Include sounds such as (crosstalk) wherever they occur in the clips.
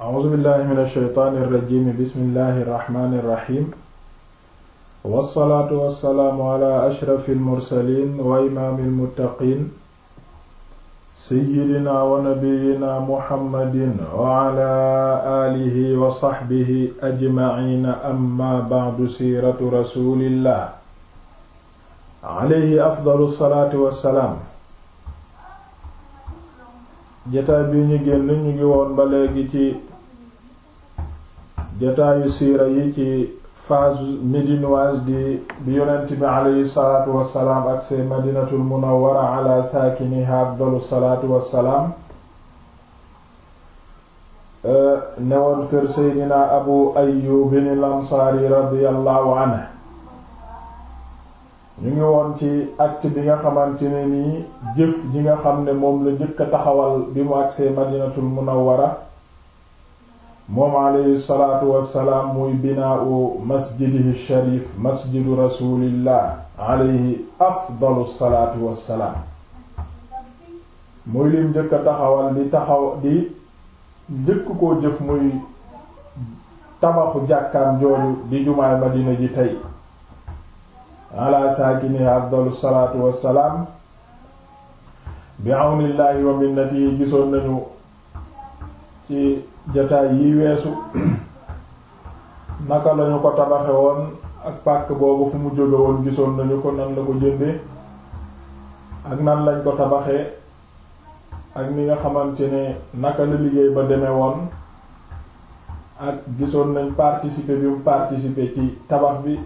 a'uuzu billahi min alsheytaan irrajim bismillahi irrahmani irrahim wassalaatu wassalaamu ala ashrafi almursalin wa imaami almuttaqin seyidina wa nabiyina muhammadin wa ala alihi wa saxbihi ajmaciina amma bacdu siiratu rasulillah alayhi afdalu salaatu wassalaam jataay bi ñu génn ñu ngi woon ba léegi ci jataayu siira yi ci phase médinoise di bi yonent bi aleyhi salaatu wassalaam ak seen madinatul munawwara ala saakiniha afdalu salaatu wassalaam e, newoon kër seydina abu ayyubin al ansaari radiyallahu anhu ñu ngi woon ci acte bi nga xamante nii jëf ji nga xam ne moom la njëkk taxawal bi mu agsee madinatul munawwara moom alayhi wa salaam muy binaau masjidihi sharif masjidu rasulillah alayhi afdalu salaatu wassalaam muy lim njëkk taxawal di taxaw di njëkk koo jëf muy tabaxu jàkkaam jooju di jumaay madina ji tey ala saakini afdalu salaatu wassalaam bi awnillahi wa minnatihi gisoon nañu ci jataay yi weesu naka lañu ko tabaxe woon ak pàkk boobu fu mu jóge gisoon nañu ko nan la ko jënde ak nan lañ ko tabaxee ak ni nga xamante ne naka la liggéey ba demee woon ak gisoon nañ participer bi mu participer ci tabax bi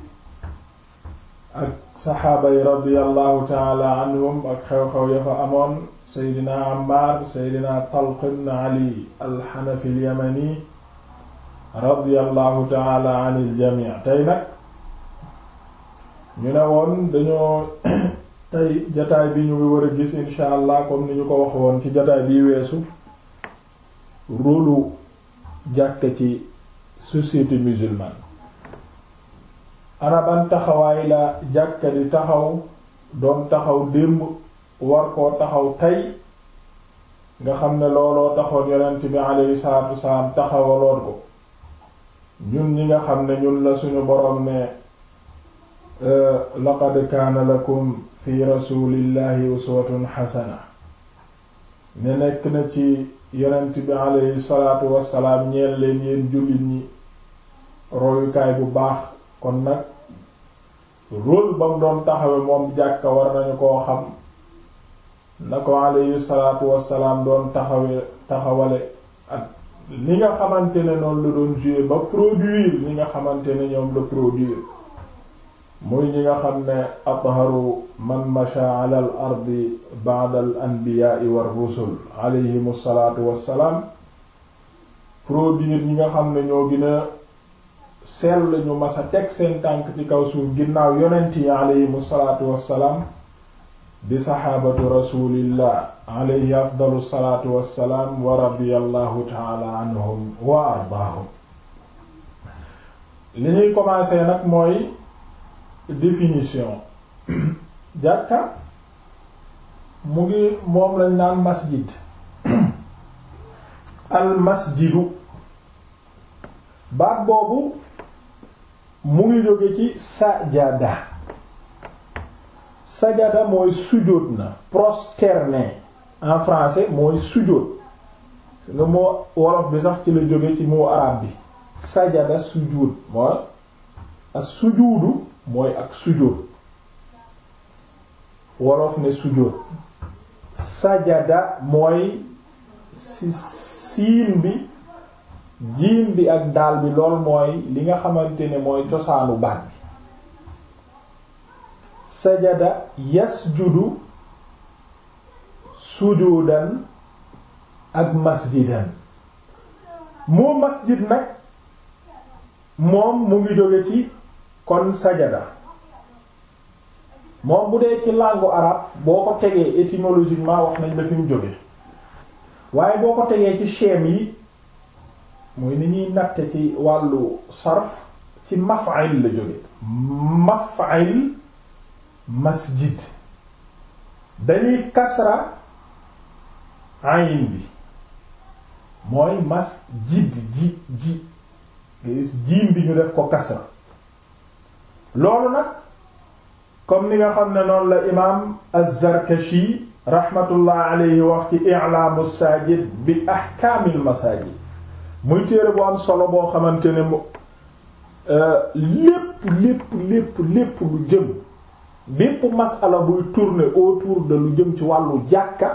ak saxaaba yi radiyallahu taala anhum ak xew-xew ya amoon seydina ammaar seydina talq ibn ali alxanafi alyamani radiallahu taala an iljami tey nag ñu ne woon dañoo (coughs) tey jataay bi ñu war a gis insha allah comme ni ñu ko wax woon ci jataay bi weesu rôlu jàkk ci société musulmane ana taxawaay la jàkka di taxaw doon taxaw démb war koo taxaw tey nga xam ne looloo taxoon yonent bi alayhi salaatu wasalaam taxawaloon ko ñun ñi nga xam ne ñun la suñu boroom ne euh, laqad kaana lakum fi rasulillahi uswatun xasana ne nekk na ci yonent bi alayhi salaatu wasalaam ñeel leen yéen jullit ñi royukaay bu baax kon nag rôle ba mu doon taxawe moom jàkka war nañu koo xam na ko salaat salaatu salaam doon taxawe taxawale ak li nga xamante ne noonu la doon jouer ba produire ñi nga xamante ne ñoom la produire muy ñi nga xam ne atharu man masha ala al ardi ba'da al anbiya'i war rusul alayhim salaatu ñi nga xam ne ñoo gën a sell ñu mas a teg seen tànk ci kaw suuf ginnaaw yonent yi alayhim salaatu salaam bi saxaabatu rasulillah alayhi afdalu salaatu wassalaam wa radiyallahu taala anhum wa ardaahum li ñuy commencé nag mooy définition (clears throat) jàkka mu ngi moom lañ naan masjid (clears throat) al masjidu baat boobu mu ngi jóge ci sajada sajada mooy sujjóot na prosterné en français mooy sujjóot nga moo wolof bi sax ci la jóge ci moo arab bi sajada sujjóot mooy ak sujjóodu mooy ak sujjóot wolof ne sujjóot sajada mooy si bi jiim bi ak daal bi lool mooy li nga xamante ne mooy cosaanu baat sajada yasjudu sujudan ak masjidan moo masjid nag moom mu ngi jóge ci kon sajada moom bu dee ci làngu arabe boo ko tegee étymologiquement wax nañ la fi mu jóge waaye boo ko tegee ci schème yi mooy ni ñuy natte ci wàllu sarf ci maf'il la jóge maf'il masjid dañuy kasra ayin bi mooy masjid ji ji jiim bi ñu def ko kasra loolu nag comme ni nga xam ne noonu la imaam az-Zarkashi wax ci i'laamu saajid bi ahkaamil masaajid muy téere bu am solo boo xamante ne mu euh, lépp lépp lépp lépp lu jëm bépp masala buy tourner autour de lu jëm ci wàllu jàkka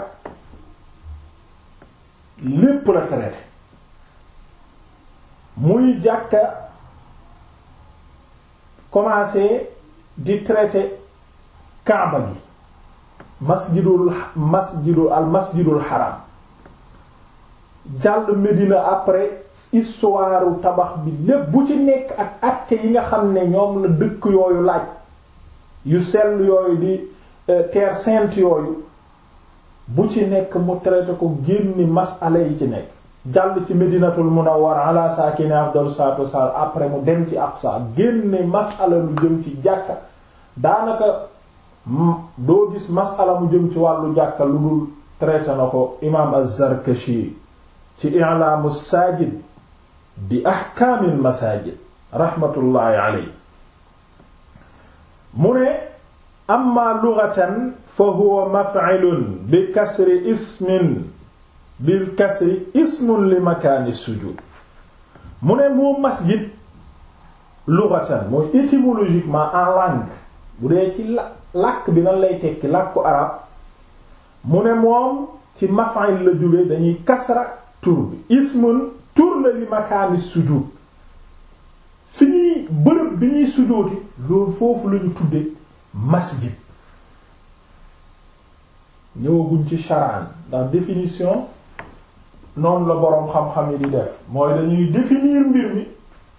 lépp la traité muy jàkka commencé di traité kaaba gi masjidul masjidul al masjidul haram jàll Medina après histoire tabax bi lépp bu ci nekk ak acte yi nga xam ne ñoom la dëkk yooyu laaj yu sell yooyu di euh, terre sainte yooyu bu ci nekk mu traité ko génni masala yi ci nekk jàll ci medinatul munawwar ala saakini afdalu après mu dem ci aqsa génne masala lu jëm ci jàkka daanaka mm, doo gis masala mu jëm ci wàllu jàkka lu dul traité na ko imaam az-Zarkashi ci i'laamu saajid bi ahkaamil masaajid rahmatullahi alayhi mu ne amma lughatan fa huwa maf'ilun bi kasri ismin bil kasri ismun li makaani sujud mu ne moom masjid lughatan mooy étymologiquement en langue bu dee ci la làkk bi nan lay tekki làkku arab mu ne moom ci maf'il la jóge dañuy kasra tur bi ismun tur la li sujud fi ñuy bërëb bi ñuy sujooti loolu foofu lañu tudde masjid ñëwaguñ ci charan ndax définition noonu la boroom xam-xam yi di def mooy dañuy définir mbir mi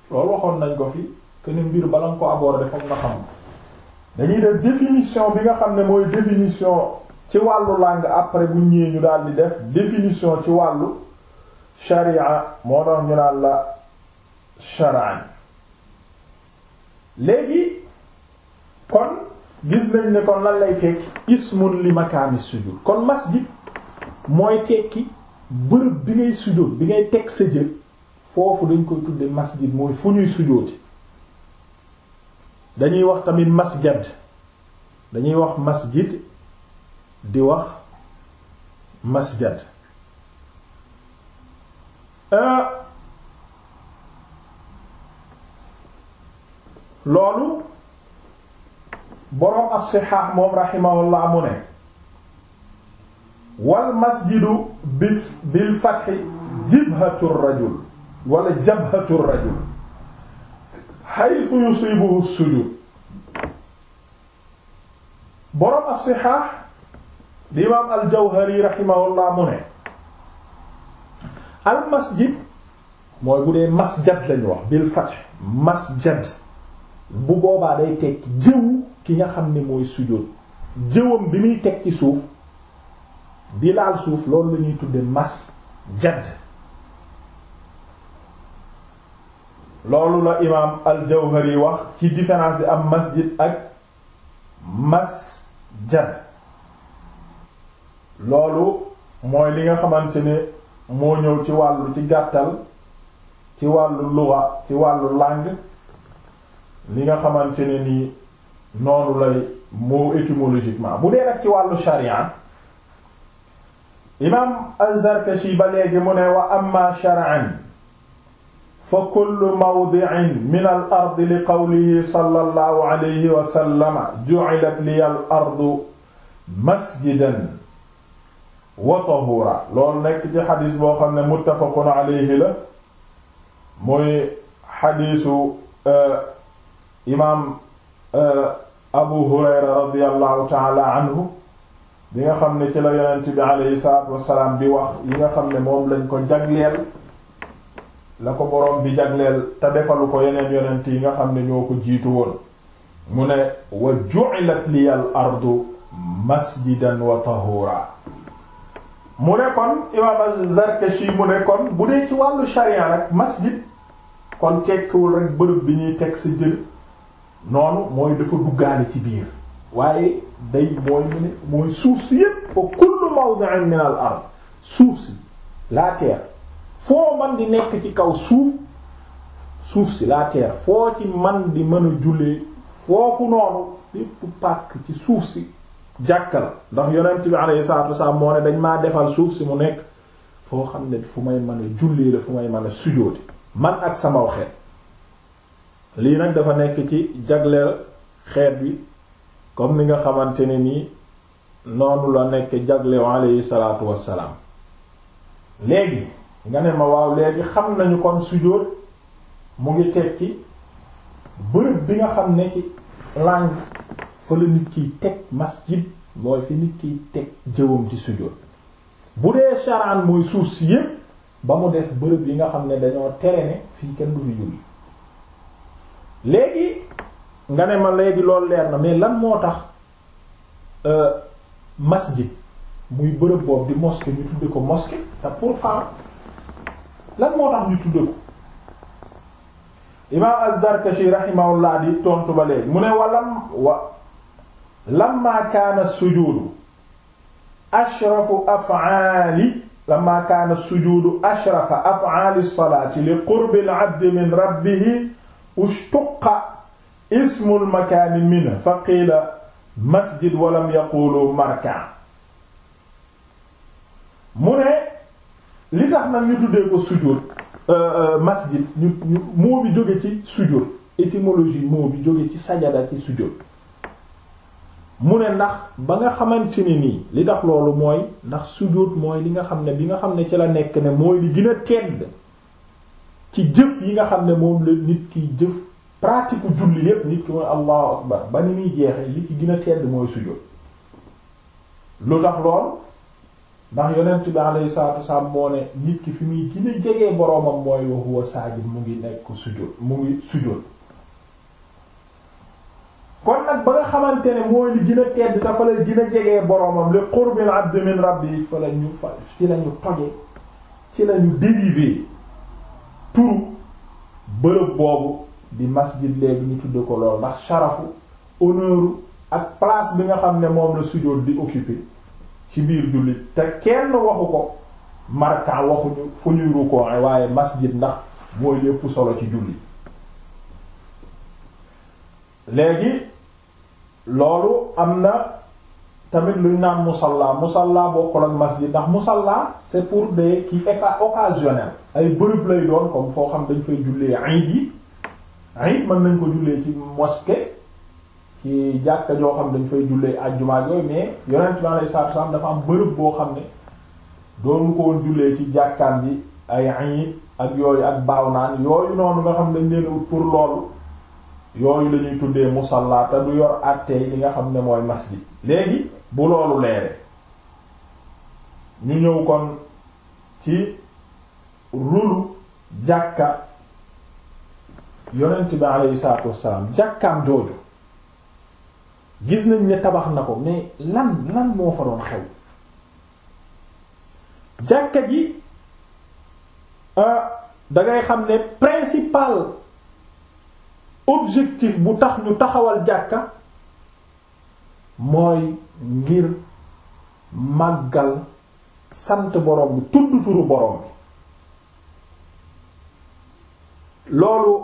loolu waxoon nañ ko fi que ni mbir bala nga ko aborder fokk nga xam dañuy def définition bi nga xam ne mooy définition ci wàllu langue après bu ñëwee ñu daal di def définition ci wàllu sharia moo tax ñu naan la charan léegi kon gis nañ ne kon lan lay tekki ismun li makaani kon masjid mooy tekki bërëb bi ngay sujud bi ngay teg sa jël foofu dañ koy tudde masjid mooy fu ñuy sujooti dañuy wax tamit masjad dañuy wax masjid di wax masjad euh, loolu boroom as-sihah moom rahimahullah mu ne wal masjidu bi bil fathi jibhatu rajul wala jabhatu rajul haythu yusibuhu sujud boroom as-sihah di imaam al-jawhari rahimahullah mu ne al masjid mooy bu dee masjad lañu wax bil fath masjad bu boobaa day tekki jëwu ki nga xam ne mooy sujjóot jëwam bi muy teg ci suuf di laal suuf loolu la ñuy tudde mas jadd loolu la imaam al-Jawhari wax ci différence bi am masjid ak mas jadd loolu mooy li nga xamante ne moo ñëw ci wàllu ci gàttal ci wàllu luwa ci wàllu langue li nga xamante ne nii noonu lay moo étymologiquement bu dee nag ci wàllu sharia imaam az-Zarkashi ba léegi mu ne wa amma shar'an fa kullu mawdi'in min al-ard li qawlihi sallallahu alayhi wa sallama ju'ilat liya al-ardu masjidan wa tahura loolu nekk ci xadis boo xam ne muttafaqun alayhi la mooy xadisu euh, imaam euh, abu hurayra radiallahu taala anhu bi nga xam ne ci la yonent bi aleyhi salaatu wassalaam bi wax yi nga xam ne moom lañ ko jagleel la ko boroom bi jagleel te defalu ko yeneen yonent yi nga xam ne ñoo ko jiitu woon mu ne wa ju'ilat liyal ardu masjidan wa tahura mu ne kon imaam az-Zarkashi mu ne kon bu dee ci wàllu sharia nag masjid kon tekkiwul rek bërëb bi ñuy teg sa jër noonu mooy dafa duggaale ci biir waaye day mooy mu ne mooy suuf si yépp fa kullu mawdi'in min al ard suuf si la terre foo man di nekk ci kaw suuf suuf si la terre foo ci man di mën a jullee foofu noonu lépp pàkk ci suuf si jàkka la ndax yonent bi alayhi salaatu wasalaam moo ne dañ maa defal suuf si mu nekk foo xam ne fu may mën a jullee la fu may mën a sujjóote man ak sama waxeet lii nag dafa nekk ci jagleel xeet bi comme ni nga xamante ne nii noonu la nekk jagleew aleyhi salaatu wassalaam léegi nga ne ma waaw léegi xam nañu kon sujjóot mu ngi tekki bërëb bi nga xam ne ci langue fa la nit kiy teg masjid mooy fi nit kiy teg jëwam ci sujjóot bu dee sharaan mooy suuf si yépp ba mu des bërëb yi nga xam ne dañoo tere ne fii kenn du fi julli léegi nga ne ma léegi loolu leer na mais lan moo tax euh, masjid muy bërëb boobu di mosquée ñu tudde ko mosquée te pourtant lan moo tax ñu tudde ko imaam az-Zarkashi rahimahullah di tontu ba léegi mu ne wa lam wa lamma kaana sujuudu ashrafu af'aali lamma kaana sujuudu ashrafa af'aali as-salaati li qurbi al-'abdi min rabbihi ushtuqa ismul makaani min fa qiila masjid walam yaqulu markan mu ne li tax nag ñu tuddee ko sujur euh, euh, masjid moo bi jóge ci sujur étymologie moo bi jóge ci sajada ci sujur mu ne ndax ba nga xamante ni nii li tax loolu mooy ndax sujud mooy li nga xam ne bi nga xam ne ci la nekk ne mooy li gën a tedd ci jëf yi nga xam ne moom la nit kiy jëf pratique julli yépp nit ki allahu akbar ba ni muy jeexee li ci gën a tedd mooy sujjóot lu tax lool ndax yonent bi alayhi salaatu wasallam moo ne nit ki fi muy gën a jege boroomam mooy huwa saajid mu ngi nekk sujjóot mu ngi sujjóot kon nag ba nga xamante ne mooy li gën a tedd dafa lay gën a jege boroomam li qurbil abdi min rabbi fa lañu fa ci lañu toje ci lañu dérivé turu bërëb boobu di masjid léegi ñu tudde ko lool ndax sharafu honneur ak place bi nga xam ne moom la sujóot di occuper ci biir jullit te kenn waxu ko markan waxuñu fu ñuy rukkoo waaye masjid ndax mooy lépp solo ci julli léegi loolu am na tamit lu ñu naan musalla musalla bokkul ak masjid ndax musalla c'est pour des kii a occasionnel ay bërëb lay doon comme foo xam dañ fay jullee iid yi iid mën nañ ko jullee ci mosquée ci jàkka joo xam dañ fay jullee ajjuma yooyu mais yonent bi alayhi salaatu salaam dafa am bërëb boo xam ne doonu ko woon jullee ci jàkkaan bi ay iid ak yooyu ak baaw naan yooyu noonu nga xam dañ leen ut pour loolu yooyu la ñuy tuddee musalla te du yor àttee li nga xam ne mooy masjid léegi bu loolu leere ñu ñëw kon ci rulu jàkka yonent bi aleyhi salaatu wassalaam jàkkaam jooju gis nañ ni tabax na ko mais lan lan moo fa doon xew jàkka ji dangay xam ne principal objectif bu tax ñu taxawal jàkka mooy ngir màggal sant borom bi tudd turu borom bi loolu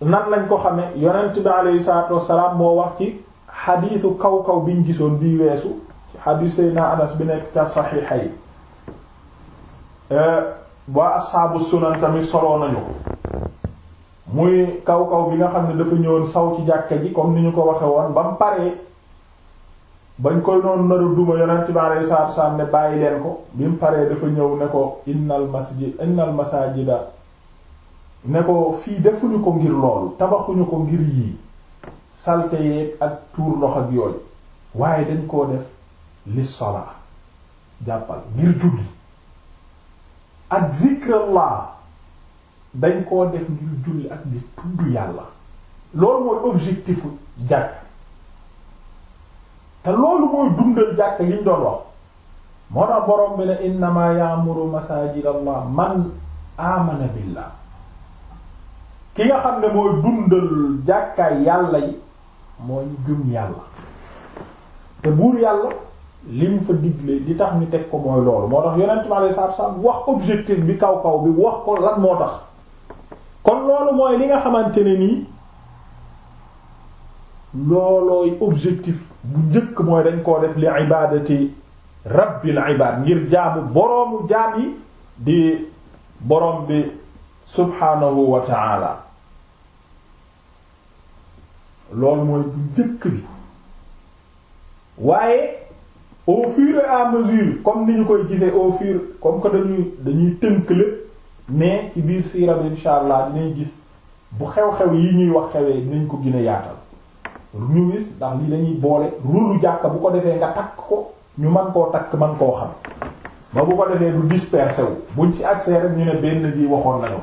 nan lañ ko xame yonent bi aleyhi salaatu wassalaam moo wax ci xadiisu kaw kaw biñ gisoon bii weesu ci xadiis Seydina Anas bi nekk ca saxiixa yi eh, waa asxaabu sunan tamit soloo nañu ko muy kaw kaw bi nga xam ne dafa ñëwoon saw ci jàkka ji comme ni ñu ko waxe woon ba mu bañ koy noonu nar a duma yonent bi alayhi salaatu salaam ne bàyyi leen ko bi mu paree dafa ñëw ne ko innal masjid innal masajida ne ko fii defuñu ko ngir loolu tabaxuñu ko ngir yii salte yeeg ak tuur loxo ak yooyu waaye dañ koo def li solaa jàppal ngir julli ak zikrallah dañ koo def ngir julli ak di tudd yàlla loolu mooy objectifu jàkk te loolu mooy dundal jàkk liñ doon wax moo tax borom bi ne innama ya'muru masajidallah man amana billah ki nga xam ne mooy dundal jàkkaay yàlla yi moo ñu yàlla te buur yàlla li fa digle di tax ñu teg ko mooy loolu moo tax yonent mi alayhi salaatu salaam wax objectif bi kaw kaw bi wax ko lan moo tax kon loolu mooy li nga xamante ne nii loolooy objectif bu njëkk mooy dañ koo def li ibadati rabbil ibad ngir jaamu boroomu jaam yi di boroom bi subhaanahu wa ta'ala loolu mooy bu njëkk bi waaye au fur et mesure comme ni ñu koy gisee au fur comme que dañuy dañuy tënk lépp mais ci biir siira insha allah dinañ gis bu xew-xew yi ñuy wax xewee dinañ ko gën yaatal ñu gis ndax lii dañuy boole rulu jàkka bu ko defee nga takk ko ñu man koo takk man koo xam ba bu ko defee du dispersé wu buñ ci agsee rek ñu ne benn bi waxoon nañu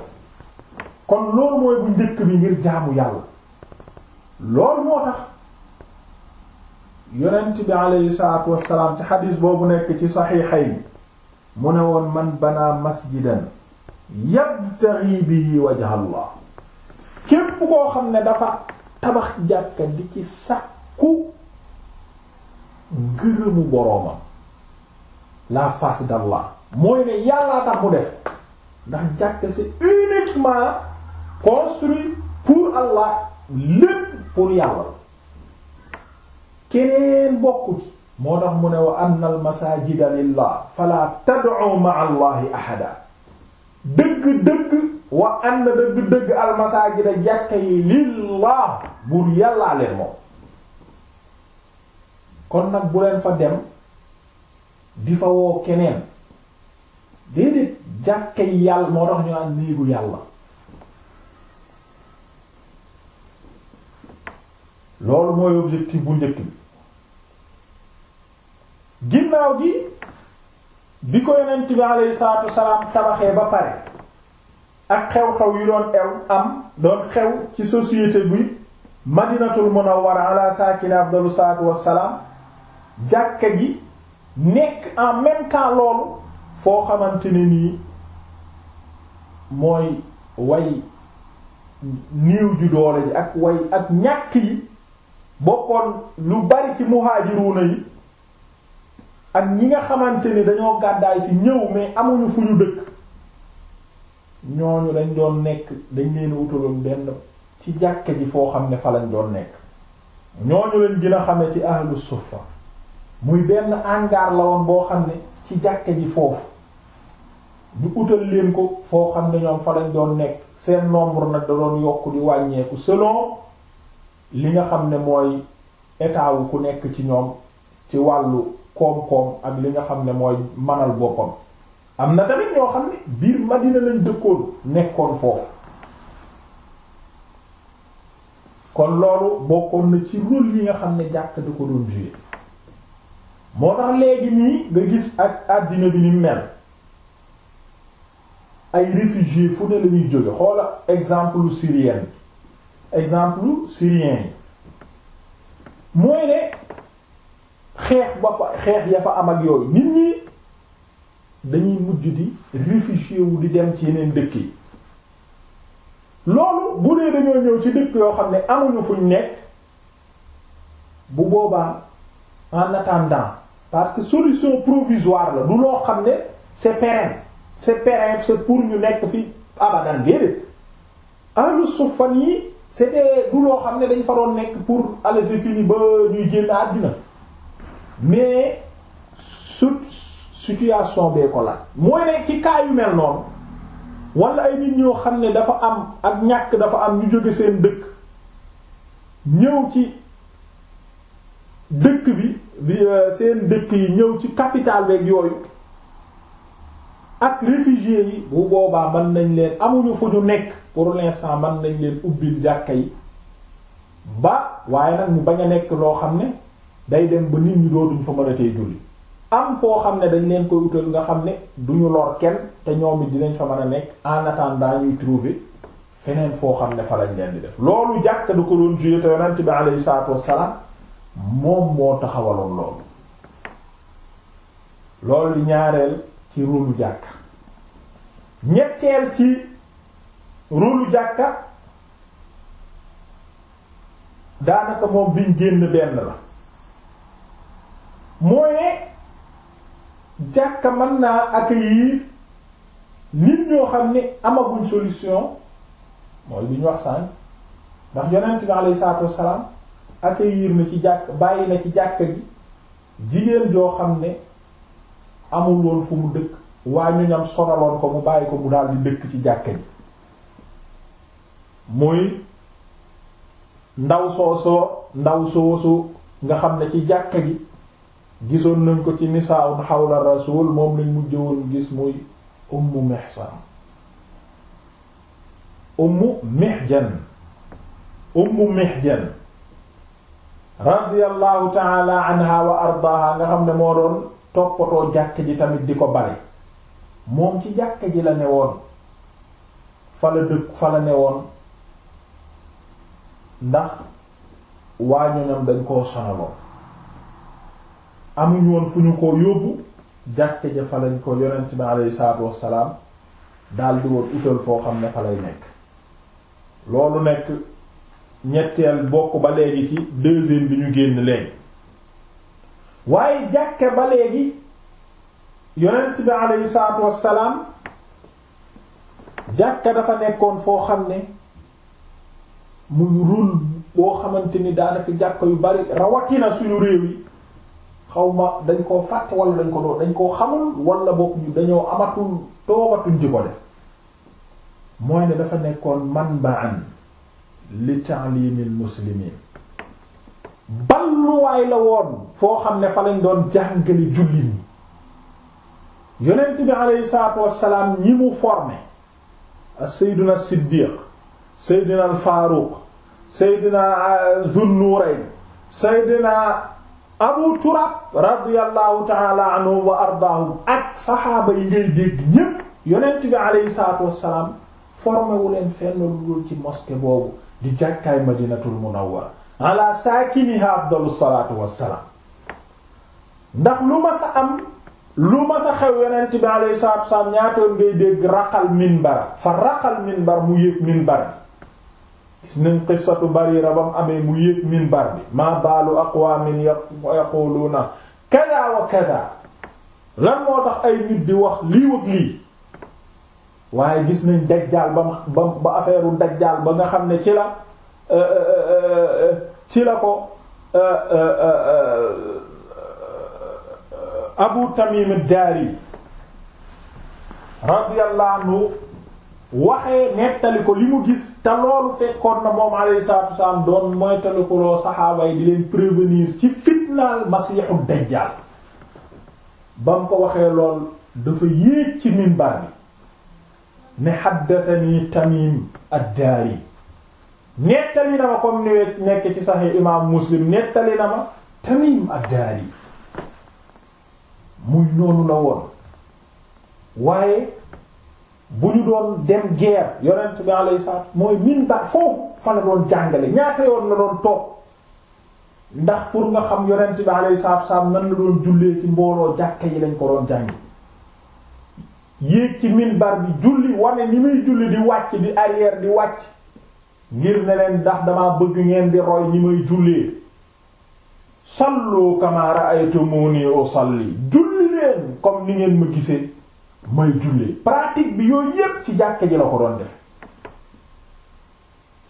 kon loolu mooy bu njëkk bi ngir jaamu yàlla lool moo tax yonent bi alayhi salaatu wassalaam ci xadiis boobu nekk ci saxiixayn mu ne woon man banaa masjidan yabtaghi bihi wajha Allah képp koo xam ne dafa tabax jàkka di ci sàkku ngërëmu boroomam la face d'Allah mooy ne yàllaa tax mu def ndax jàkk c'est uniquement construit pour Allah lépp pour yàlla keneen bokku ci moo tax mu ne wa anna al masajida lillah fala tad'u ma'a allahi ahada dëgg-dëgg wa ann dëgg-dëgg almasaajida jàkka yi lillah buur yàllaa moom kon nag bu leen fa dem di fa woo keneen déedéet jàkka yàlla moo tax ñu naan néegu yàlla loolu mooy objectif bu njëkk bi ginnaaw gi bi ko yonent bi alayhi salaatu wasalaam tabaxee ba pare ak xew-xew yu doon ew am doon xew ci société bi madinatul war ala saakini afdalu salaatu wasalaam jàkka ji nekk en même temps loolu foo xamante ne nii mooy way niiw ju doole ji ak way ak ñàkk yi bokkoon lu bari ci muhaajiruuna yi ak ñi nga xamante ni dañoo gàddaay si ñëw mais amuñu fu ñu dëkk ñooñu dañ doon nekk dañ leen wutaloon benn ci jàkke ji foo xam ne fa doon nekk ñooñu leen gën a xamee ci ahlu suffa muy benn hangar boo xam ne ci jàkke ji foofu ñu utal leen ko foo xam ne ñoom fa lañ doon nekk seen nombre nag da doon yokk di wàññeeku selon li nga xam ne mooy état ku nekk ci ñoom ci wàllu koom-koom ak li nga xam ne mooy manal boppam am na tamit ñoo xam ne biir Madina lañ dëkkoon nekkoon foofu kon loolu bokkoon na ci rôle yi nga xam ne jàkk di ko doon jouer moo tax léegi nii nga gis ak àddina bi ni mel ay réfugiés fu ne la ñuy jóge xoola exemple syrien exemple syrien yi mooy ne xeex ba fa xeex ya fa am ak yooyu nit ñi dañuy mujj di réfugié wu di dem ci yeneen dëkk loolu bu dee ñëw ci dëkk yoo xam ne amuñu fuñ nekk bu boobaa en attendant parce que solution provisoire la du loo xam ne c'est pérenne c'est pérenne c'est pour ñu nekk fi abadan déedéet ahlu suffan yi c'était du loo xam ne dañ fa doon nekk pour aller se fini ba ñuy génn àdduna mais su situation bee ko laaj mooy ne ci cas mel noonu wala ay nit ñoo xam ne dafa am ak ñàkk dafa am ñu jóge seen dëkk ñëw ci dëkk bi bi euh, seen dëkk yi ñëw ci capital beeg yooyu ak réfugiés yi bu boobaa mën nañ leen amuñu fu ñu nekk pour l'instant mën nañ leen ubbil jàkka yi ba waaye nag mu bañ a nekk loo xam ne day dem ba nit ñi dootuñ fa mën a julli am foo xam ne dañ leen koy utal nga xam ne duñu lor kenn te ñoom it dinañ fa mën a nekk en attendant ñuy trouver feneen foo xam ne fa lañ leen di def loolu jàkk du ko doon juyee te yonent bi alayhi salaatu wassalaam moom moo taxawaloon loolu loolu ñaareel ci rulu jàkka ñetteel ci rulu jàkka daanaka moom biñ génn benn la mooy ne jàkka mën naa accueillir nit ñoo xam ne amaguñ solution mooy bi ñu wax sànq ndax yonent bi alayhi salaatu wassalaam yiir na ci jàkk bàyyi na ci jàkka ji jigéen joo xam ne amul woon fu mu dëkk waa ñu ñam sonaloon ko mu bàyyi ko mu daal di dëkk ci jàkka ji muy ndaw sooso ndaw soosu nga xam ne ci jàkka ji gisoon nañ ko ci xaw xawla rasul moom lañ mujj woon gis muy ummu mihsan ummu mihjan ummu mihjan radiyallahu taala anha wa ardaha nga xam ne moo doon toppatoo jàkk ji tamit di ko bari moom ci jàkk ji la ne woon fa la dëkk fa la ne woon ndax waañu ñam dañ koo sonaloon amuñ woon fu ñu ko yóbbu jàkke ja fa lañ ko yonent bi alayhi salaatu wassalaam daldi woon utal foo xam ne fa lay nekk loolu nekk ñetteel bokk ba léegi ci deuxième bi ñu génn léegi waaye jàkke ba léegi yonent bi alayhi salaatu wassalaam jàkka dafa nekkoon foo xam ne muy rul boo xamante ni daanaka jàkka yu bari rawatina suñu réew yi xaw dañ koo fàtte wala dañ ko doon dañ koo xamul wala boog ñu dañoo amatul toogatuñ ci ko def mooy ne dafa nekkoon manba'an li ta'limil muslimin balluwaay la woon foo xam ne fa lañ doon jàngale jullit ñi yonent bi wassalaam ñi mu formé sayyiduna siddiq sayyiduna al faaruq sayyiduna euh, zunnuurayn sayyiduna abu turab radiyallahu taala anhu wa ardaahum ak saxaaba yi ngay dégg ñépp yonent bi aleyhi salaatu wassalaam formé fenn lu dul ci mosquée boobu di jàkkaay madinatul munawwara ala saakiniha afdalu salaatu wassalaam ndax lu ma sa am lu ma sa xew yonent bi aleyhi salaatu wassalaam ñaatoon ngay dégg raqal minbar fa raqal minbar mu yéeg minbar gis nañ qissatu Barira ba mu amee mu yéeg minbar bi maa baalu aqwaamin yaquluuna kada wa kada lan moo tax ay nit di wax lii wëg lii waaye gis nañ dajjaal ba ba affaire u dajjaal ba nga xam ne ci la euh, euh, euh, ci la ko Abu Tamim ad-Dari radiyallahu anhu waxee nettali ko li mu gis te loolu fekkoon na moom alayhi salaatu wasalaam doon moytalikuloo saxaaba yi di leen prévenir ci fitnaal masiixu dajjaal ba mu ko waxee lool dafa yéeg ci minbar bi ne xaddatani tamim addaari nettali na ma comme ni nekk ci saxi imaam muslim nettali na ma tamim addaari muy noonu la woon waaye bu ñu doon dem guerre yonent bi alayhi salaam mooy min ba foofu fa doon jàngale ñaata yoon la doon toog ndax pour nga xam yonent bi alayhi salaam nan la doon jullee ci mbooloo jàkka yi lañ ko doon jàng yéeg ci minbar bi julli wane ni muy julli di wàcc di arrière di wàcc ngir ne ndax damaa bëgg ngeen di roy ni may jullee sallu kama ra'aytumuni usalli julli leen comme ni ngeen ma gisee may jullee pratique bi yooyu yépp ci jàkka ji la ko doon def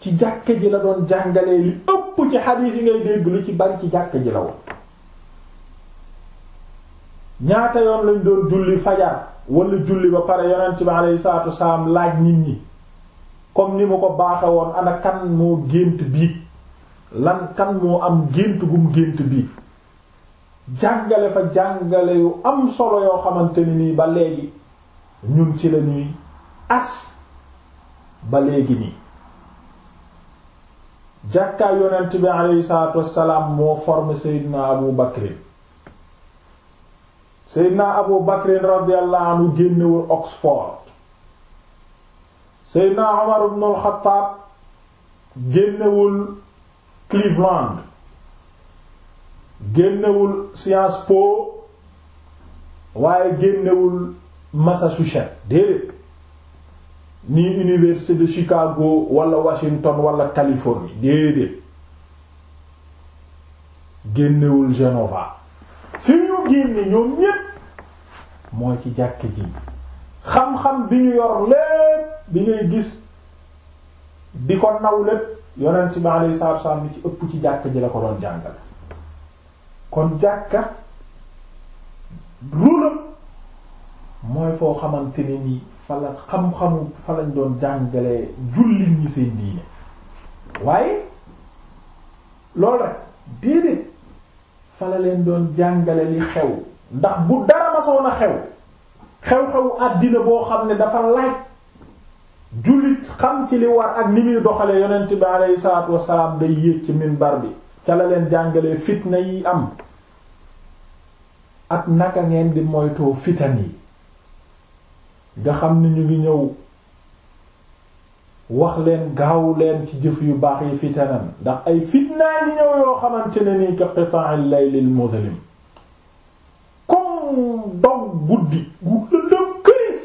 ci jàkka ji la doon jàngalee li ëpp ci xadiis yi ngay dégg lu ci bari ci jàkka ji la woon ñaata yoon lañ doon julli fajar wala julli ba pare yonent bi alayhi salaatu wasalaam laaj nit ñi comme ni mu ko baaxe woon ana kan moo gént biig lan kan moo am gént gum gént biig jàngale fa jàngale yu am solo yoo xamante ni nii ba léegi ñun ci lañuy as ba léegi nii jàkkaay yonent bi aleyhi salaatu wassalaam moo formé Seydina Abu Bakrin Seydina Abu Bakrin radiyallahu anhu génnewul Oxford Seydina Umar ibn al-Khattab génnewul Cleveland génnewul Sciences Po waaye génnewul Massachusetts déedéet ni université de Chicago wala Washington wala Californie déedéet génnewul Genova fi ñu génne ñoom ñépp mooy ci jàkk ji xam-xam bi ñu yor lépp bi ngay gis di ko naw lépp yonent bi alayhi salaatu wasallam ci ëpp ci jàkk ji la ko doon jàngal kon jàkka rulam mooy foo xamante ne nii fa la xam-xamu fa lañ doon jàngale jullit ñi seen diine waaye loolu rek déedéet fa la leen doon jàngale li xew ndax bu dara masoon a xew xew-xewu àddina boo xam ne dafa laaj jullit xam ci li war ak ni muy doxalee yonent bi aleyhi salaatu wasalaam day yéeg ci minbar bi ca la leen jàngalee fitna yi am ak naka ngeen di moytoo fitan yi nga xam ne ñu ngi ñëw wax leen gaaw leen ci jëf yu baax yi fitanan ndax ay fitnaa li ñëw yoo xamante ne nii ka qita'il laylil muzlim comme dog guddi gu lëndëm këris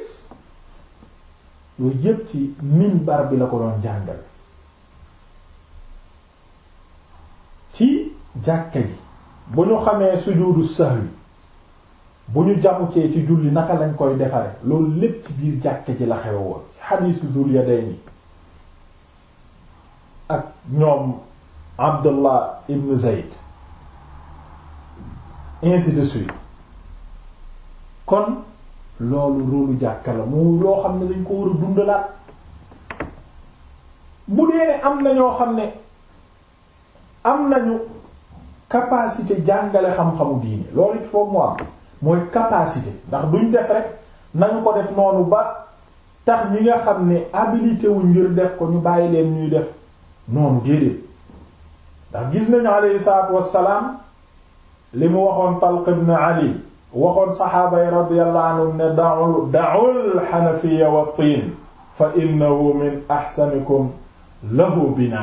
yooyu yépp ci minbar bi la ko doon jàngal ci jàkka ji bu ñu xamee sujudu sahwi bu ñu jamucee ci julli naka lañ koy defare loolu lépp ci biir jàkke ji la xew woon ci xadiisu Dul Yadayni ak ñoom Abdullah ibn Zayd ainsi de suite kon loolu rôlu jàkka la moo loo xam ne dañ ko war a dundalaat bu dee ne am na ñoo xam ne am nañu capacité jàngale xam-xamu diine loolu it foog mu am mooy capacité ndax duñ def rek nañu ko def noonu ba tax ñi nga xam ni habilité wu ngir def ko ñu bàyyi leen ñuy def noonu déedéet ndax gis nañu alayhi salaatu wassalaam li mu waxoon Talq ibn Ali waxoon saxaaba yi radiyallahu anhum ne da'u da'ul xanafiya wa tiin fa innahu min axsanikum bi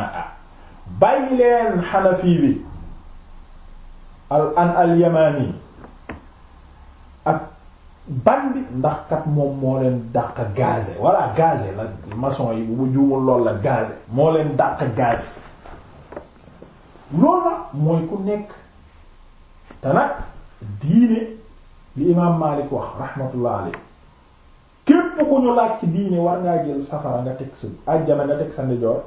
al an al bandi ndax kat moom moo leen dàq gazé walla gazé la maçon yi bu juumul lool la gazé moo leen dàq gazé loolu la mooy ku nekk te nag diine li imaam Maalik wax rahmatullah alayhi képp ku ñu laaj ci diine war ngaa jël safara nga teg sa àjjana nga teg sa ndijoor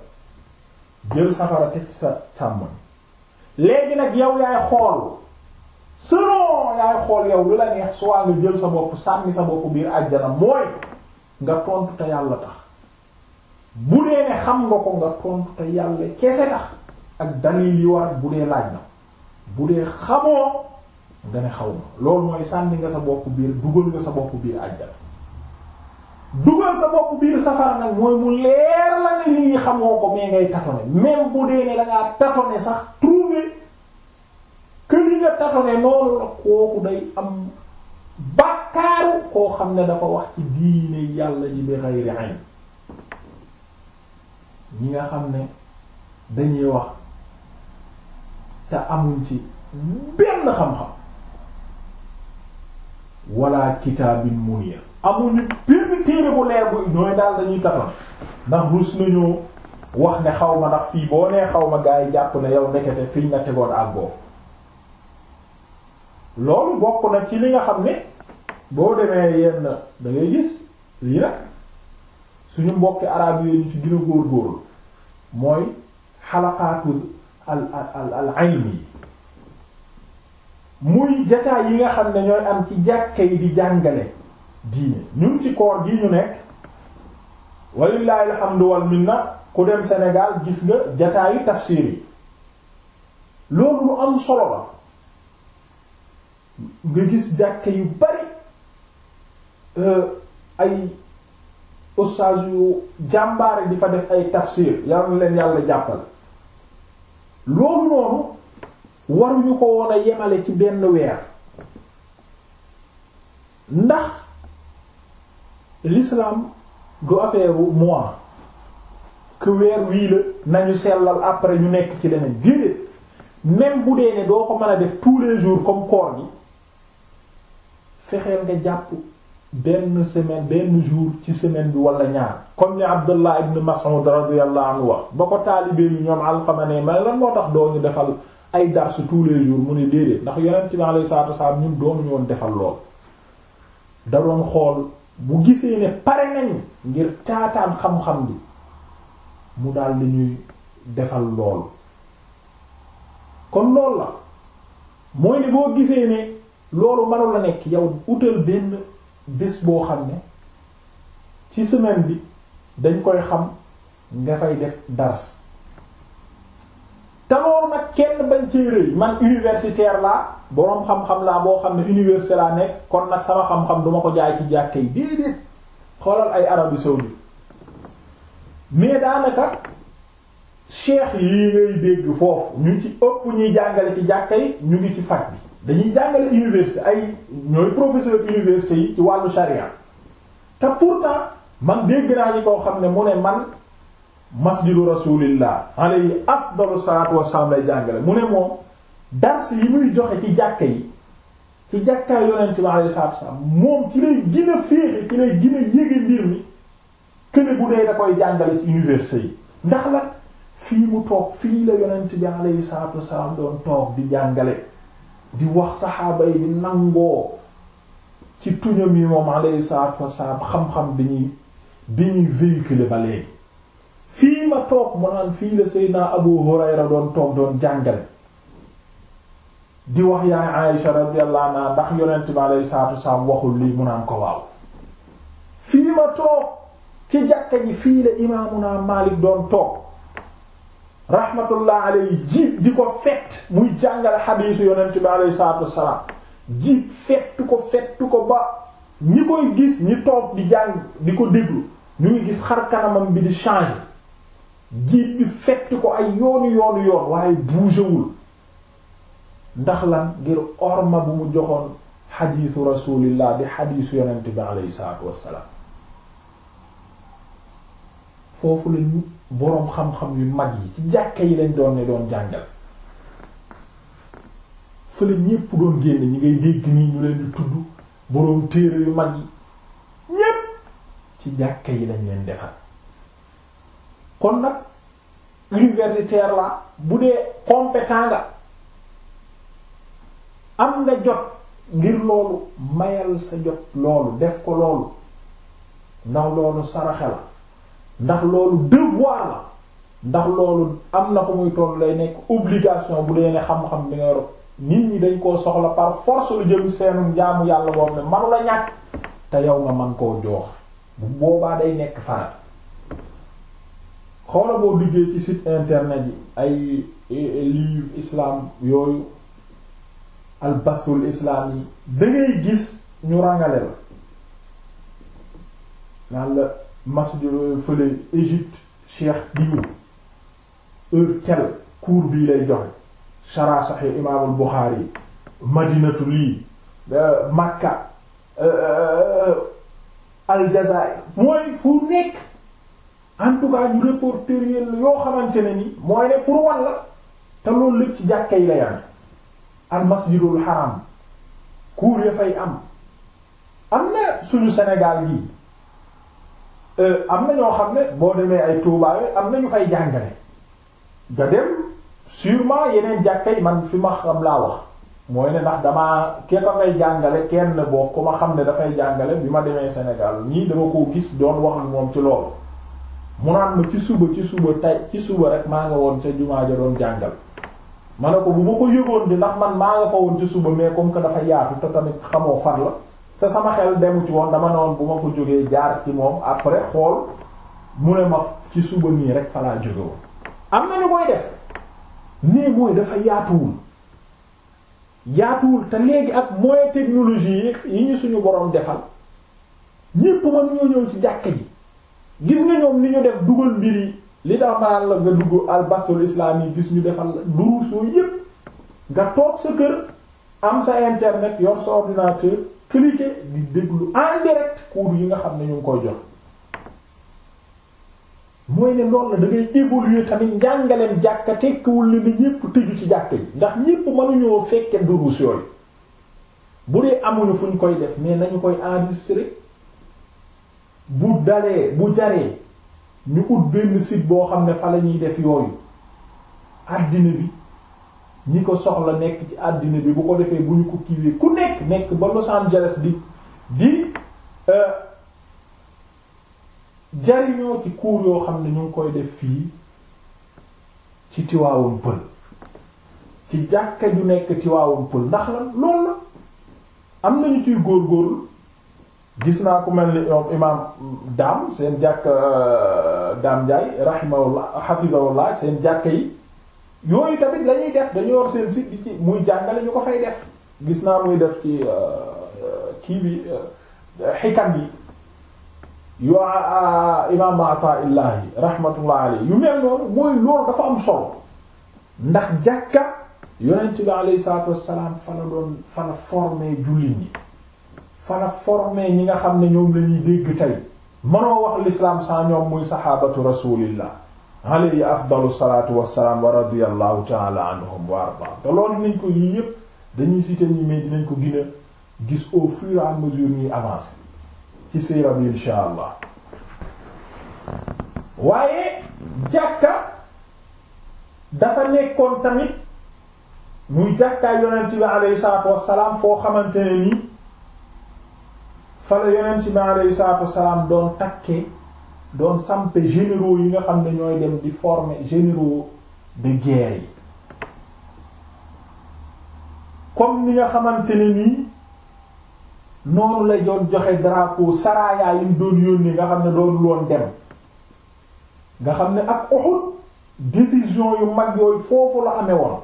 jël safara teg sa càmmoñ léegi nag yow yaay xool selon yaay xool yow lu la neex soit nga jël sa bopp sànni sa bopp biir àjjana mooy nga tontu te yàlla tax bu dee ne xam nga ko nga tontu te yàlla kese tax ak dalil yi war bu dee laaj na bu dee xamoo nga ne xaw ma loolu mooy sànni nga sa bopp biir dugal nga sa bopp biir àjjana dugal sa bopp biir safara nag mooy mu leer la nga lii xamoo ko mais ngay tâtonner même bu dee ne dangaa tâtonner sax que li nga tatone noonu la kooku day am bakkaaru koo xam ne dafa wax ci diine yàlla ji bi xayri ñi nga xam ne dañuy wax te amuñ ci benn xam-xam wala kitaabin munir amuñu benn téere mu leer bu ñooy daal dañuy tatone ndax rus nañoo wax ne xaw ma ndax fii boo nee xaw ma gaa yi jàpp ne yow nekkete fiñ na tegoon ak boofu loolu bokk na ci li nga xam ne boo demee yenn dangay gis lii nag suñu mbokki araab yi ñu ci gën a góorgóorlu mooy xalaqaatul al al al ayn yi muy jataay yi nga xam ne ñooy am ci jàkke yi di jàngale diine ñun ci koor gi ñu nekk walillahi alhamdu wal minna ku dem senegaal gis nga jataayu tafsir yi loolu lu am solo la nga gis jàkke yu bari euh, ay ustaas yu jàmbaare di fa def ay tafsir yàlla leen yàlla jàppal loolu noonu waruñu ko woon a yemale ci benn weer ndax l'islam du affaire mois que weer wii la nañu sellal après ñu nekk ci leneen déedéet même bu dee ne doo ko mën a def tous les jours comme koor gi fexeel nga jàpp benn semaine benn jour ci semaine bi wala ñaar comme ni Abdullah ibn Mas'ud radiyallahu anhu wax ba ko taalibee bi ñoom Alqama ne man lan moo tax doo ñu defal ay dars tous les jours mu ne déedéet ndax yonent bi alayhi salaatu wasalaam ñun doonuñu woon defal lool da doon xool bu gisee ne pare nañ ngir taataan xam-xam bi mu dal di ñuy defal lool kon lool la mooy ne boo gisee ne loolu mënul a nekk yow utal benn bés boo xam ne ci semaine bi dañ koy xam nga fay def dars te nag kenn bañ cee rëy man universitaire laa boroom xam-xam laa boo xam ne université laa nekk kon nag sama xam-xam duma ko jaay ci jàkke yi déedéet xoolal ay Arabie saoudite mais daanaka cheikh yi ngay dégg foofu ñu ci ëpp ñuy jàngale ci jàkke yi ñu ngi ci faj bi dañuy jàngale université ay ñooy professeur université yi ci wàllu sharia te pourtant man dégg naa ñi koo xam ne mu ne man masjidu rasulillah alayhi afdalu salatu wasalaam lay jàngale mu ne moom dars yi muy joxe ci jàkka yi ci jàkkaay yonent bi alayhi salatu wasalaam moom ci lay gën a féexe ci lay gën a mbir mi këne bu dee da koy jàngale ci université yi ndax la fii mu toog fii la yonent bi alayhi salatu wasalaam doon toog di jàngale di wax saxaaba yi di nangoo ci tuñam yi moom alayhi salaatu wasalaam xam-xam bi ñuy bi ñuy véhiculer ba léegi fii ma toog mu naan fii la Seydina Abu Hurayra doon toog doon jàngale di wax yaay Aisha radiyallahu ndax yonent bi alayhi salaatu wasalaam waxul lii mu naan ko waaw fii ma toog ci jàkka ji fii la imaamuna Maalik doon toog rahmatullah alayhi jiib di ko fett muy jàngal xadiisu yonent bi alayhi salaatu wassalaam jiib fett ko fett ko ba ñi mooy gis ñi toog di jàng di ko déglu ñu ngi gis xar kanamam bi di changer jiib bi fett ko ay yoonu yoonu yoon waaye bougéwul ndax la ngir orma bu mu joxoon xadiisu rasulillah di xadiisu yonent bi alayhi salaatu wassalaam foofu lañu boroom xam-xam yu mag yi ci jàkka yi lañ doon ne doon jàngal fële ñépp doon génn ñi ngay dégg nii ñu leen tudd boroom téere yu mag yi ñépp ci jàkka yi lañ leen defar kon nag universitaire la bu dee compétent nga am nga jot ngir loolu mayal sa jot loolu def ko loolu ndax loolu saraxe la ndax loolu devoir la ndax loolu am na fa muy toll lay nekk obligation bu dee ne xam-xam bi nga yor nit ñi dañ koo soxla par force lu jëm seenu njaamu yàlla boobu ne la ñàkk te yow nga man koo joox bu boobaa day nekk farat xoola boo duggee ci site internet yi ay e, e, livre islam yooyu albasul islam yi da gis ñu ràngale la naan masjid fële Égypte cheikh diwu heure tel cours bii lay joxe shara sahih imaamul Buxaari madinatu lii Makka Aljazair mooy fu nekk en tout cas ñu reporter yoo xamante ne ni mooy ne pour wan la te loolu lépp ci jàkka yi lay am al masjidul haram cours ya fay am am na suñu Sénégal gi Euh, am na ñoo xam ne boo demee ay Touba am na ñu fay jàngale nga dem sûrement yeneen jàkkay man fi ma xam laa wax mooy ne ndax damaa kenn dafay jàngale kenn boo ku ma xam ne dafay jàngale bi ma demee senegal ñii dama koo gis doon wax moom ci loolu mu naan ma ci suba ci suba tay ci suba rek maa nga woon ca jumaa ja doon jàngal ma ne ko bu ma ko yëgoon di ndax man maa nga fa woon ci suba mais comme que dafa yaatu te tamit xamoo fan la te sama xel demu ci woon dama ne woon bu ma fa jógee jaar ci moom après xool mu ne ma ci suba nii rek fa laa jóge woon am na ñu koy def nii mooy dafa yaatuwul yaatuwul te léegi ak moyen technologie yi ñu suñu boroom defal ñépp man ñoo ñëw ci jàkk ji gis nga ñoom li ñu def dugal mbir yi li tax maanaam la nga dugg al bahthul islam gis ñu defal la duruusoo yépp nga toog sa kër am sa internet yor sa ordinateur cliquer di déglu en direct yi nga xam ne ñu ngi koy jox mooy ne loolu la da ngay évoluer tamit njàngaleem jàkka tekkiwul li ni ñépp tëju ci jàkka yi ndax ñépp mënuñoo fekkee duruus yooyu bu dee amuñu fu ñu koy def mais nañu koy enregistrer bu dalee bu jaree ñu ut benn site boo xam ne fa lañuy ñuy def yooyu àddina bi ñi ko soxla nekk ci àddina bi bu ko defee bu ñu ko kiiwee ku nekk nekk ba Los Angeles bi di euh, jariñoo ci cours yoo xam ne ñu ngi koy def fii ci Tivaouane Peul ci jàkka ju nekk Tivaouane Peul ndax la lool la am nañu góor góorgóorlu gis naa ku mel ni ñoom imaam daam seen jàkk euh, daam Ndiaye rahimahullah hafizahullah seen jàkka yi yooyu tamit la ñuy def dañu yor seen site di ci muy jàngale ñu ko fay def gis naa muy def ci euh, euh, kii bi xikam euh, yi yo imam ata illahi rahmatullah alayhi yu mel noonu mooy loolu dafa am solo ndax jàkka yonent bi alayhi salatu wassalam fa la doon fa la formé jullit ñi fa la formé ñi nga xam ne ñoom la ñuy dégg tey mënoo wax l'islam sans ñoom muy sahabatu rasulillah alayhi afdalu salaatu wassalaam wa radiyallahu ta'ala anhum wa arda te loolu dinañ ko yii yépp dañuy citer ñi mais dinañ ko gën gis au fur et à mesure ñuy ci siira insha allah waaye jàkka dafa nekkoon tamit muy jàkkaay yonent bi alayhi salaatu wassalaam foo xamante nii fa la yonent bi alayhi salaatu wassalaam doon takkee doon sampe généraux yi nga xam ne ñooy dem di former généraux de guerre yi comme ni nga xamante ni nii noonu la doon joxe drapeau saraya yi doon yónni nga xam ne doon loon dem nga xam ne ak Uhud décision yu mag yooyu foofu la ame woon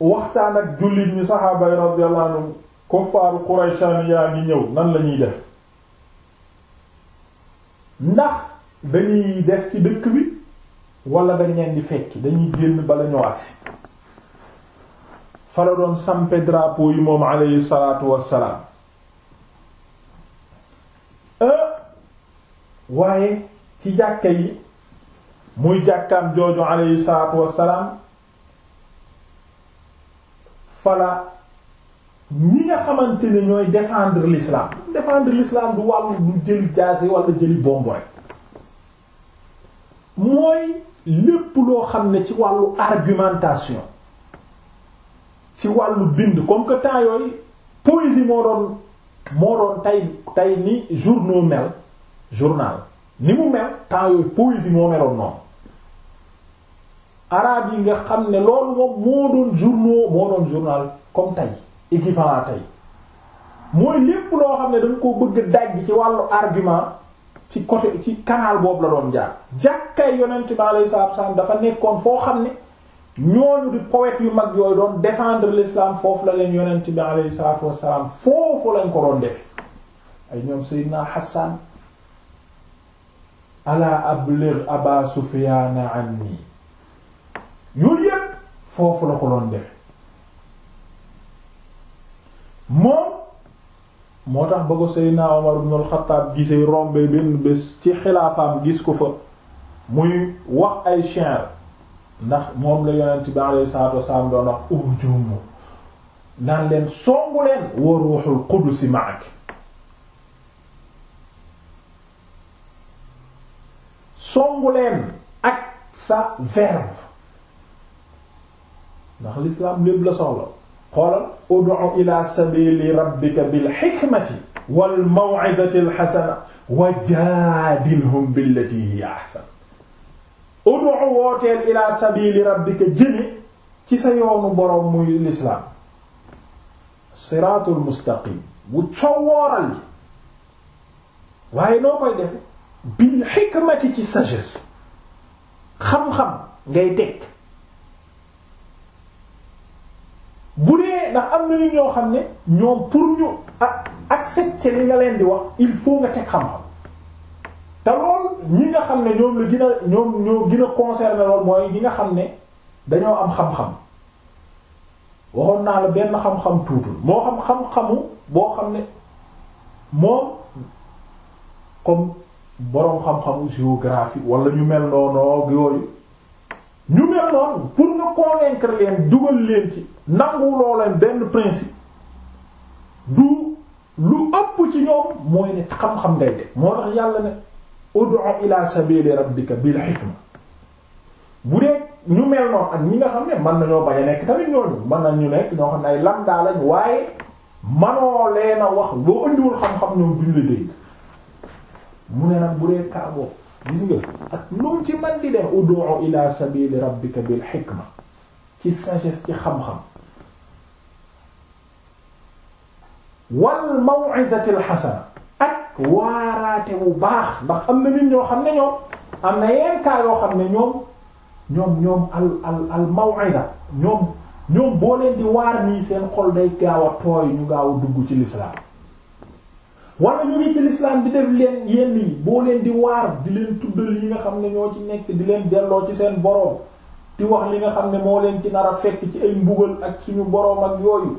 waxtaan ak jullit ñi saxaaba yi radiyallahu anhum kuffaaru Quraysh yaa ngi ñëw nan la ñuy def ndax dañuy des ci dëkk bi wala dañ leen di fekki dañuy génn bala ñoo agsi fa doon sampe drapeau yi moom aleyhi salaatu wassalaam euh, waaye ci jàkka yi muy jàkkaam jooju aleyhi salaatu wassalaam fala ñi nga xamante ne ñooy défendre l'islam défendre l'islam du wàllu du jëli jaase wala jëli bomb rek mooy lépp loo xam ne ci wàllu argumentation ci wàllu bind comme que temps yooyu poésie moo doon moo doon tey tey ni journaux mel journal ni mu mel temps poésie moo meloon noonu arabe yi nga xam ne loolu moom moo doon journaux moo doon journal comme tey équivalent tey mooy lépp loo xam ne dañ koo bëgg dajj ci wàllu argument ci côté ci canal boobu la doon jaar jàkkay yonent bi alayhi salaatu wa salaam dafa nekkoon foo xam ne ñooñu di poète yu mag yooyu doon défendre l'islam foofu la leen yonent bi alayhi salaatu lañ ko doon defe ay ñoom Seydina Hassan ala ablir Aba Sufyaan anni yooyu yépp foofu la ko doon defe moom moo tax ba ko Seydina Omar ibn al gisee rombee benn bés ci xilaafaam gis ko fa muy wax ay shi'r ndax moom la yonent bi alayhi salaatu wasalaam doon wax ujumu naan leen songu leen wa ruuxul qudusi ma'ak songu leen ak sa verve ndax l'islam lépp la soxla xoolal ud'u ila sabili rabbika bil hikmati wal maw'izati al hasana wa jaadilhum billati hiya ahsan ud'u wooteel ila sabili rabbika jëne ci sa yoonu boroom muy lislaam siraatul mustaqim bu cowooral ji waaye noo koy defe bil hikmati ci sagesse xam-xam ngay teg ndax am na nit ñoo xam ne ñoom pour ñu accepter li nga leen di wax il faut nga teg xam-xam te lool ñi nga xam ne ñoom la gën a ñoom ñoo gën a concerné lool mooy ñi nga xam ne dañoo am xam-xam waxoon naa la benn xam-xam tuutul moo xam xam-xamu boo xam ne moom comme boroom xam-xamu géographie wala ñu mel noonu yooyu ñu mel noonu pour nga convaincre leen dugal leen ci nangu leen benn principe du lu ëpp ci ñoom mooy ne xam-xam ngay def moo tax yàlla ne ud'u ila sabili rabbika bil hikma bu dee ñu mel noonu ak ñi nga xam ne mën nañoo bañ a nekk tamit ñooñu mën nañu nekk ñoo xam ne ay lambda lañ waaye manoo leen a wax loo indiwul xam-xam ñoom duñ la mu ne nag bu dee kaaboo gis nga ak lu ci man di dem ud'u ila sabili rabbika bil hikma ci sages ci xam-xam wal maw'izatil hasana ak waaraate bu baax ndax am na nit ñoo xam ne ñoom am na yenn cas yoo xam ne ñoom ñoom ñoom al al al maw'iza ñoom boo leen di waar nii seen xol day gaaw a tooy ñu gaaw a dugg ci lislaam wala ñu ngi ci lislaam di def leen yenn yi boo leen di waar di leen tuddal yi nga xam ne ñoo ci nekk di leen delloo ci seen boroom di wax li nga xam ne moo leen ci nar a fekk ci ay mbugal ak suñu boroom ak yooyu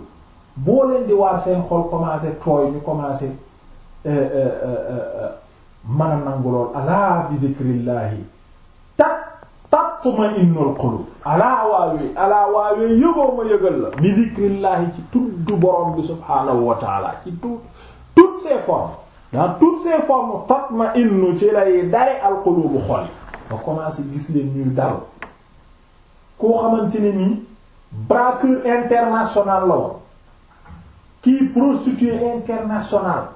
boo leen di waar seen xol commencé tooy ñu commencé euh, euh, euh, mën a nangu lool alaa bi dikrillaahi tat tatma innul qulub alaa waawee alaa waawee yëgoo ma yëgal la bi dikrillaahi ci tudd boroom bi subhaanahu wa ci tudd toutes ses formes dans toutes ses formes tatma'innu ci lay dare alqulubu xol yi nga commencé gis leen ñuy dal koo xamante ne nii braqueur international la woon kii prostituée international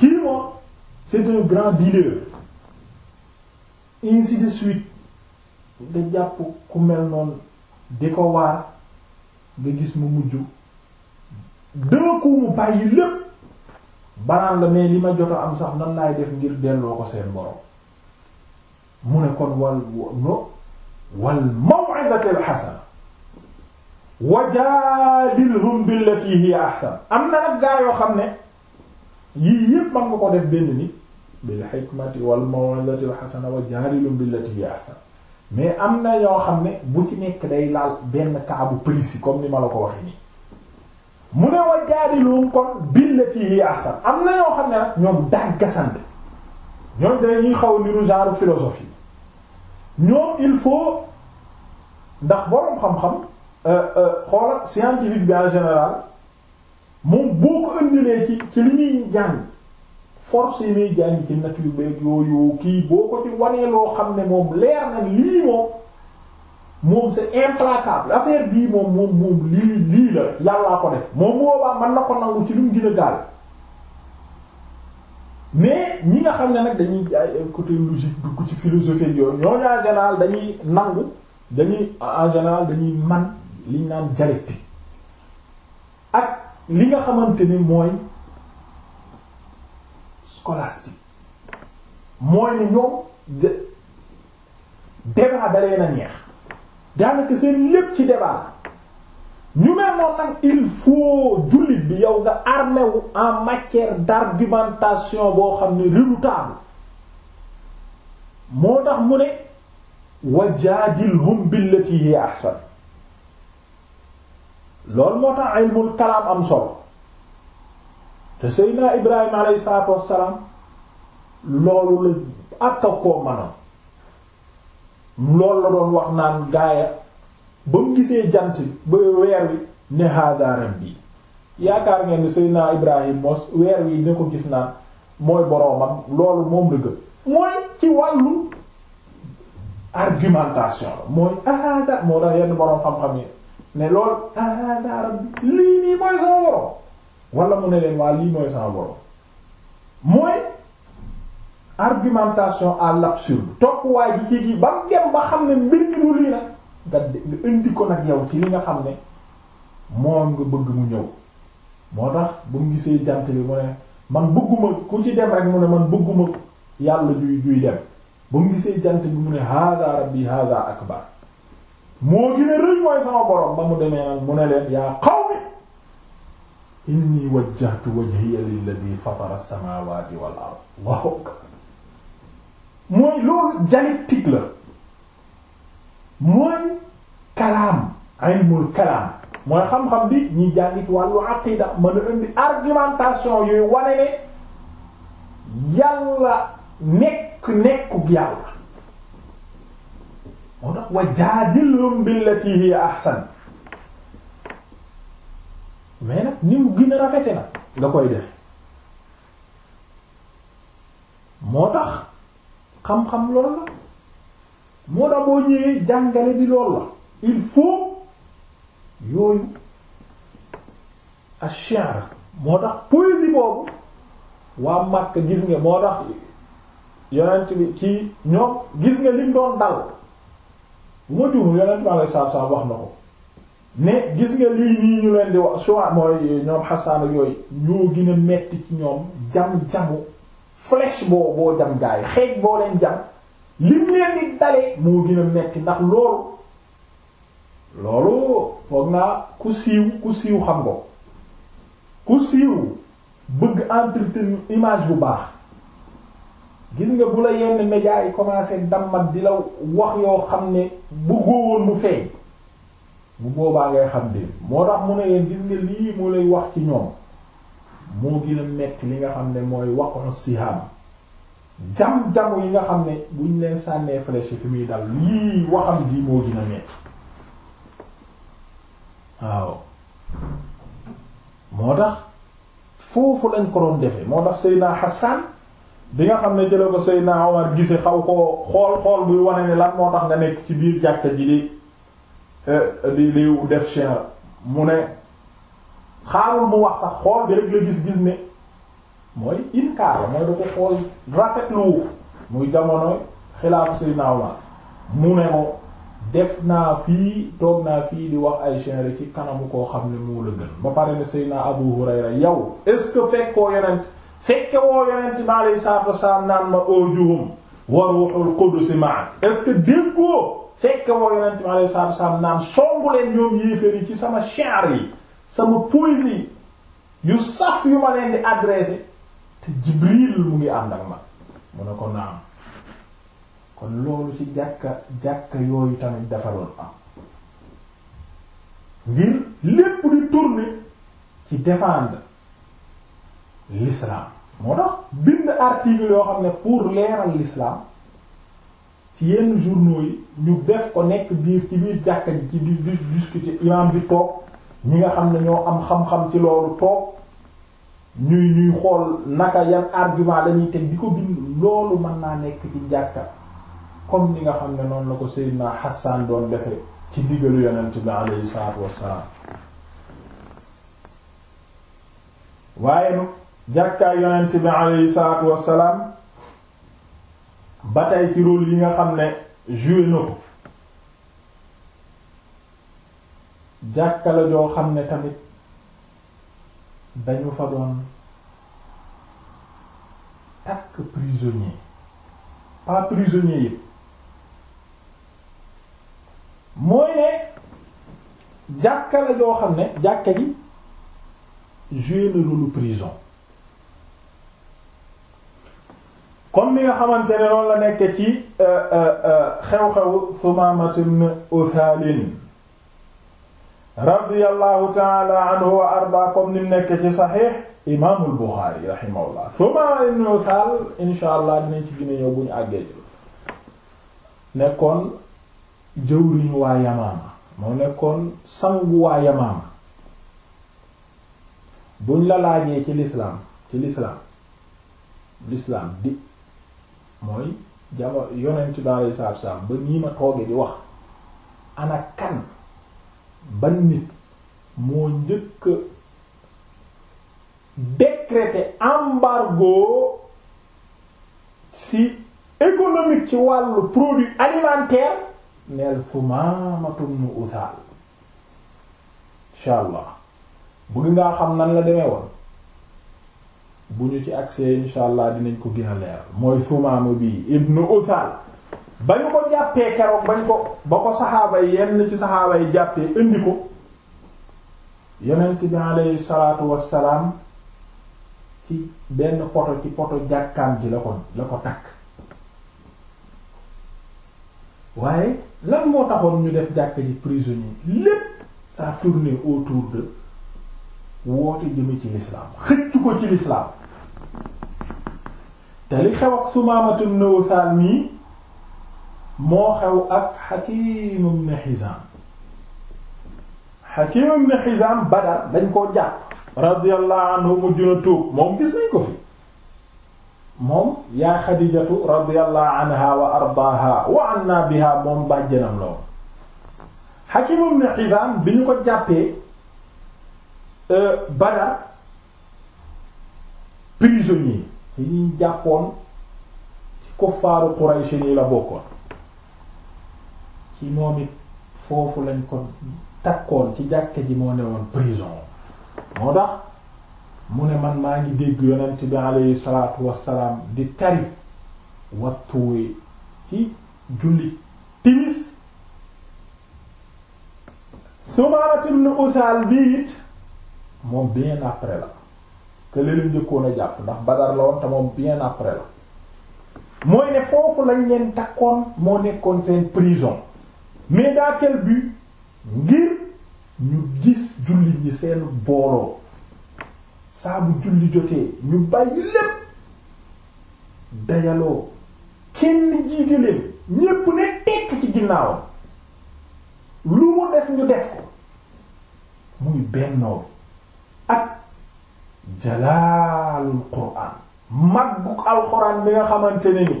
kii moom c'est un grand dealer ainsi de suite nga jàpp ku mel noonu di ko waar nga gis mu mujj dëkku mu bàyyi lépp banaan la mais li ma jot am sax nan laay def ngir delloo ko seen borom mu ne kon wal wal maw'izatil hasana wajaadilhum billati hiya ahsan am na nag gaa yoo xam ne yii yépp man nga ko def benn nit bil hikmati wal moo hasana wajaadilhum billati hiya ahsan mais am na yoo xam ne bu ci nekk day benn cas bu comme ni ma la ko nii mu ne wa jaadiluhum kon billati hiya ahsan am na ñoo xam ne nag ñoom dàggasante ñoom dañuy xaw niru genre philosophie ñoom il faut ndax boroom xam-xam euh, euh, xoola scientifique bi en général moom boo ko indilee ci ci li ñuy jàng force yi muy jàng ci nature beeg yooyu kii boo ko ci wanee loo xam ne moom leer na lii moom moom c'est implacable affaire bii moom moom moom lii lii la rek yàllaa ko def moom boobaa man na ko nangu ci lu mu gën a mais ñi nga xam ne nag dañuy ay côté logique dugg ci philosophie yooyu ñooñu en dañuy nangu dañuy en général dañuy man li ñu naan dialectique ak li nga xamante ni mooy scolastique mooy ni ñoom débat dalee na ñeex daanaka seen lépp ci débat ñu mel noonu nag il faut jullit bi yow nga armé wu en matière boo xam ne redoutable moo tax mu ne wajaadilhum billati hi ahsan loolu moo tax ilmul kalaam am solo te seydna ibrahima alayhi salaatu wassalaam loolu la ak a koo loolu la doon wax naan gaaya ba mu gisee jant ba weer wi ne hada rabbi yaakaar ngeen ni Seydina Ibrahim mos weer wi ne ko gis naa mooy boroomam loolu moom la gën mooy ci wàllu argumentation la mooy ahada moo tax yenn boroom xam-xam yi ne loolu ahada rabbi lii mooy sama boroom wala mu ne leen waa lii mooy sama boroom mooy argumentation à l'absurde topp waaye ji ci gi ba mu dem ba xam ne mbir mi lii nag nga indi ko nag yow ci li nga xam ne moom nga bëgg mu ñëw moo tax bu mu gisee jant bi mu ne man bëgguma ku ci dem rek mu ne man bëgguma yàlla juy juy dem ba mu gisee jant bi mu ne hada rabbi hada akbar moo gën a rëy mooy sama borom ba mu demee nag mu ne leen yaa qawmi inni wajjahtu wajhiya lilladhi fatara as-samawati wal ard mooy loolu dialectique la mooy kalaam ilmul kalaam mooy xam-xam bi ñi jàngit wàllu aqida mën a indi argumentation yooyu wane ne yàlla nekk nekkug yàlla moo tax wa jaadilhum billati ahsan mais nag ni mu gën a rafete nag nga koy def moo tax xam-xam loolu la moo tax boo ñëwee jàngale bi loolu la il faut yooyu ash-shi'r moo tax poésie boobu waa Makka gis nga moo tax yonent ñoo gis nga lim doon dal wax na ko gis nga lii nii ñu leen di wax soit mooy ñoom Hassan yooyu ñoo gën a metti ci ñoom jam-jamu flèche boo boo jam gaay xeej boo leen jam lim leen di dalee moo gën a metti ndax loolu loolu foog naa ku siiw ku siiw xam ko ku siiw bëgg entretenir image bu baax gis nga bu la yenn médias yi commencé dammat di la wax yoo xam ne bu góowoon mu feeñ bu boobaa ngay xam de moo tax mu ne leen gis nga lii moo lay wax ci ñoom moo gën a metti li nga xam ne mooy waqu sihaam jam-jamu yi nga xam ne buñ leen sànnee flèche fi muy dal lii waxam ji moo gën a waaw moo tax foofu lañ ko doon defee moo tax Seydina Hassan bi nga xam ne jële ko Seydina Omar gise xaw ko xool xool buy wane ne lan moo tax nga nekk ci biir jàkka ji di eh, di def cher mu ne xaarul mu wax sax xool bi rek la gis-gis ne mooy inkaar la mooy da ko xool rafetlu wu muy jamono xilaafu say naawla mu ne mo def naa fii toog naa fii di wax ay chenre ci kanamu koo xam ne moo la gën ba pare ne Seydina Abu Hurayra yow est-ce que fekkoo yonent fekke woo yonent bi alayhi salaatu wasalaam naan ma ujuhum wa ruhul qudus ma'a est-ce que déggoo fekke woo yonent bi alayhi salaatu wasalaam naan songu leen ñoom yéeféer yi ci sama chenre yi sama poésie yu saf yu ma leen di adressé te Jibril mu ngi ànd ak man mu ne ko naam kon loolu ci jàkka jàkka yooyu tamit dafa doon am ngir lépp di tourner ci défendre l'islam moo tax bind article yoo xam ne pour leeral l'islam ci yenn journaux yi ñu def ko nekk biir ci biir jàkka ji ci di discuter imam bi toog ñi nga xam ne ñoo am xam-xam ci loolu toog ñuy ñuy xool naka yan argument lañuy teg di ko bind loolu mën naa nekk ci jàkka comme ni nga xam ne noonu la ko Seydina Hassan doon defee ci digalu yonent bi alayhi salaatu wassalaam waaye jàkkaay yonent bi alayhi salaatu wassalaam ba tey ci rôle yi nga xam ne joué jàkka la joo xam ne tamit dañu fa doon takk prisonnier pas prisonnier yëpp mooy ne jàkka joo xam ne jàkka ji joué na rôle prison comme ni nga xamante ne noonu la nekk ci euh, euh, euh, xew-xewu Sumaamatu Usaalin radiyallahu taala anhu wa arda comme ni nekk ci saxiix imaamul Buxaari rahimahullah suma ibnu Usaal insha allah dinañ ci gën a bu ñu àggee ci nekkoon jëwriñu waa Yamaama moo nekkoon sangu waa Yamaama buñ la laajee ci lislaam ci lislaam lislaam di mooy jamo yonent bi alayhi salaatu wa ba nii ma tooge di wax ana kan ban nit moo njëkk décréter embargo si économique ci wàllu produit alimentaire neel Sumaamatum nu Usaal insha allah bëgg ngaa xam nan la demee woon bu ñu ci accès insha allah dinañ ko gën leer mooy Sumaama bi ibnu Usaal ba ñu ko jàppee keroog bañ ko ba ko saxaaba yi yenn ci saxaaba jàppee indi ko yonent bi alayhi salaatu wassalaam ci benn poto ci poto jàkkaan ji la ko la ko takk waaye lan moo taxoon ñu def jàkk ji prisonnier lépp ça tourne autour de woote jëme ci l'islam xëccu ko ci l'islam te li xew ak Sumaamatu Nawsaal mii moo xew ak Hakim ibn Hizam Hakim ibn Hizam Badar dañ koo jàpp radiyallahu anhu na tuub moom gis nañ ko fi moom yaa Xadijatu radiyallahu wa ardaaha wa anna biha moom bàjjanam la woon Hakim ibn bi ñu ko jàppee euh, Badar prisonnier ci ñu jàppoon ci kuffaaru Quraysh la bokkoon ci moom it foofu lañ ko takkool ci jàkke ji moo ne woon prison moo tax mu ne man maa ngi dégg yonent bi alayhi salaatu wassalaam di tari wattuwi ci julli timis Sumaarat ibn Usaal bi it moom bien après la te leen njëkkoon a jàpp ndax Badar la woon te moom bien après la mooy ne foofu lañ leen takkoon moo nekkoon seen prison mais dans quel but ngir ñu gis jullit ñi seen booloo saa bu julli jotee ñu bàyyi lépp dajaloo kenn jiite leen ñépp ne tekk ci ginnaawam lu mu def ñu def ko muy bennoo ak jalaalul quraan magguk alxuraan bi nga xamante ne ni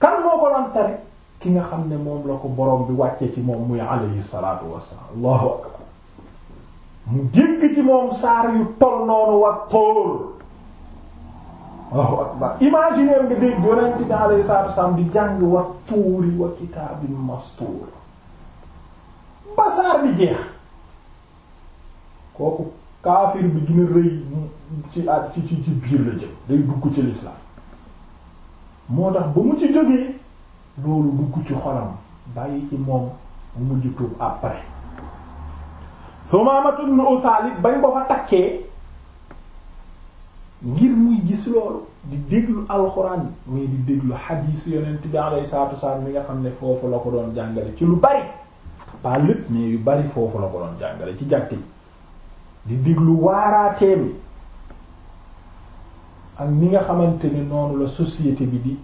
kan moo ki nga xam ne moom la ko borom bi wàcce ci moom muy alayhi salaatu wassalaam allahu akbar mu jégg ci moom saar yu toll noonu wa tóor allahu akbar imaginer nga dégg yonent bi alayhi salaatu wassalaam di jàng wa wa kitaabin mastuur ba saar bi jeex kooku kaafir bi gën a rëy ci at ci ci biir la jëm day dugg ci lislaam moo tax ba mu ci jógee loolu dugg ci xolam bàyyi ci moom mu mujj tuub après Sumaamatu ibn Usaalib bañ ko fa takkee ngir muy gis loolu di déglu alxuraan muy di déglu xadiis yonent bi alayhi salaatu wasalaam mi nga xam ne foofu la ko doon jàngale ci lu bari pas lépp mais yu bari foofu la ko doon jàngale ci jàkk di déglu waaraateem ak ni nga xamante ni noonu la société bi di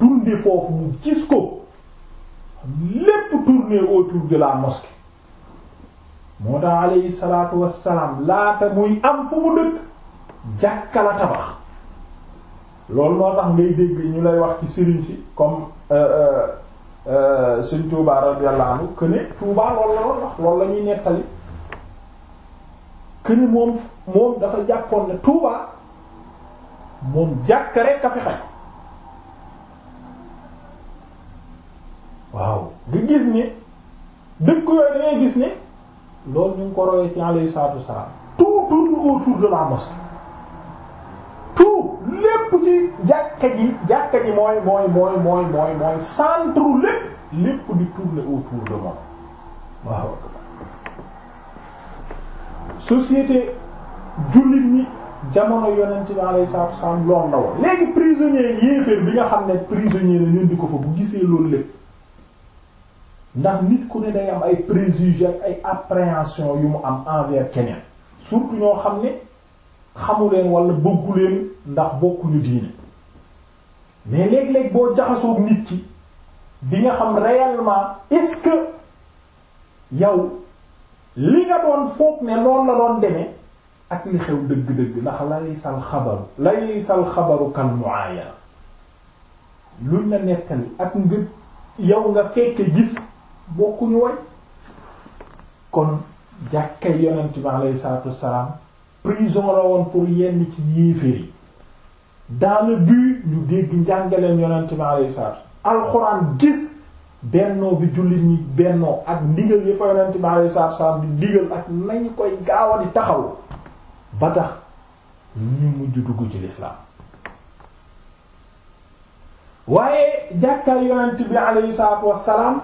dunde foofu mu gis ko lépp tourner autour de la mosquée moo tax alayhi wassalaam laata muy am fu mu dëkk jàkka la tabax loolu moo tax ngay dégg ñu lay wax ci sëriñ si comme euh, euh, euh, suñ Touba radiyallahu anhu que ne Touba loolu la loolu wax loolu la ñuy nettali que ne moom moom dafa jàppoon ne Touba moom jàkka rek a fi xaj waaw nga gis ni dëkk yooyu da ngay gis ne loolu ñu ko royee ci alayhi salaatu wassalaam tout tourne autour de la mosquée tout lépp ci jàkka ji jàkka ji mooy mooy mooy mooy mooy mooy centre lépp lépp di tourner autour de moom waaw société jullit ñi jamono yonent bi alayhi salaatu wassalaam loolu woon léegi prisonnier yéeféer bi nga xam ne prisonnier la ñun ko fa bu gisee loolu lépp ndax nit ku ne day am ay préjugés ak ay appréhension yu mu am envers keneen surtout ñoo xam ne xamuleen walla bëgguleen ndax bokkuñu diine mais léeg-léeg boo jaxasoog nit ki bi nga xam réellement est-ce que yow li nga doon foog ne noonu la doon demee ak li xew dëgg-dëgg ndax lay sal xabaru lay sal xabaru kan muayana luñ la nettali ak nga yow nga fekke gis bokkuñu way kon jàkkay yonent bi alayhi salaatu wassalaam prison la woon pour yenn ci yéeféer yi dans le but ñu dégg njàngaleen yonent bi alayhi salaatu alxuraan gis bennoo bi jullit ñi bennoo ak ndigal yi fa yonent bi alayhi salaatu wassalaam di ndigal ak nañu koy gaaw taxaw ba tax ñu mujj dugg ci lislaam waaye jàkkay yonent bi alayhi salaatu wassalaam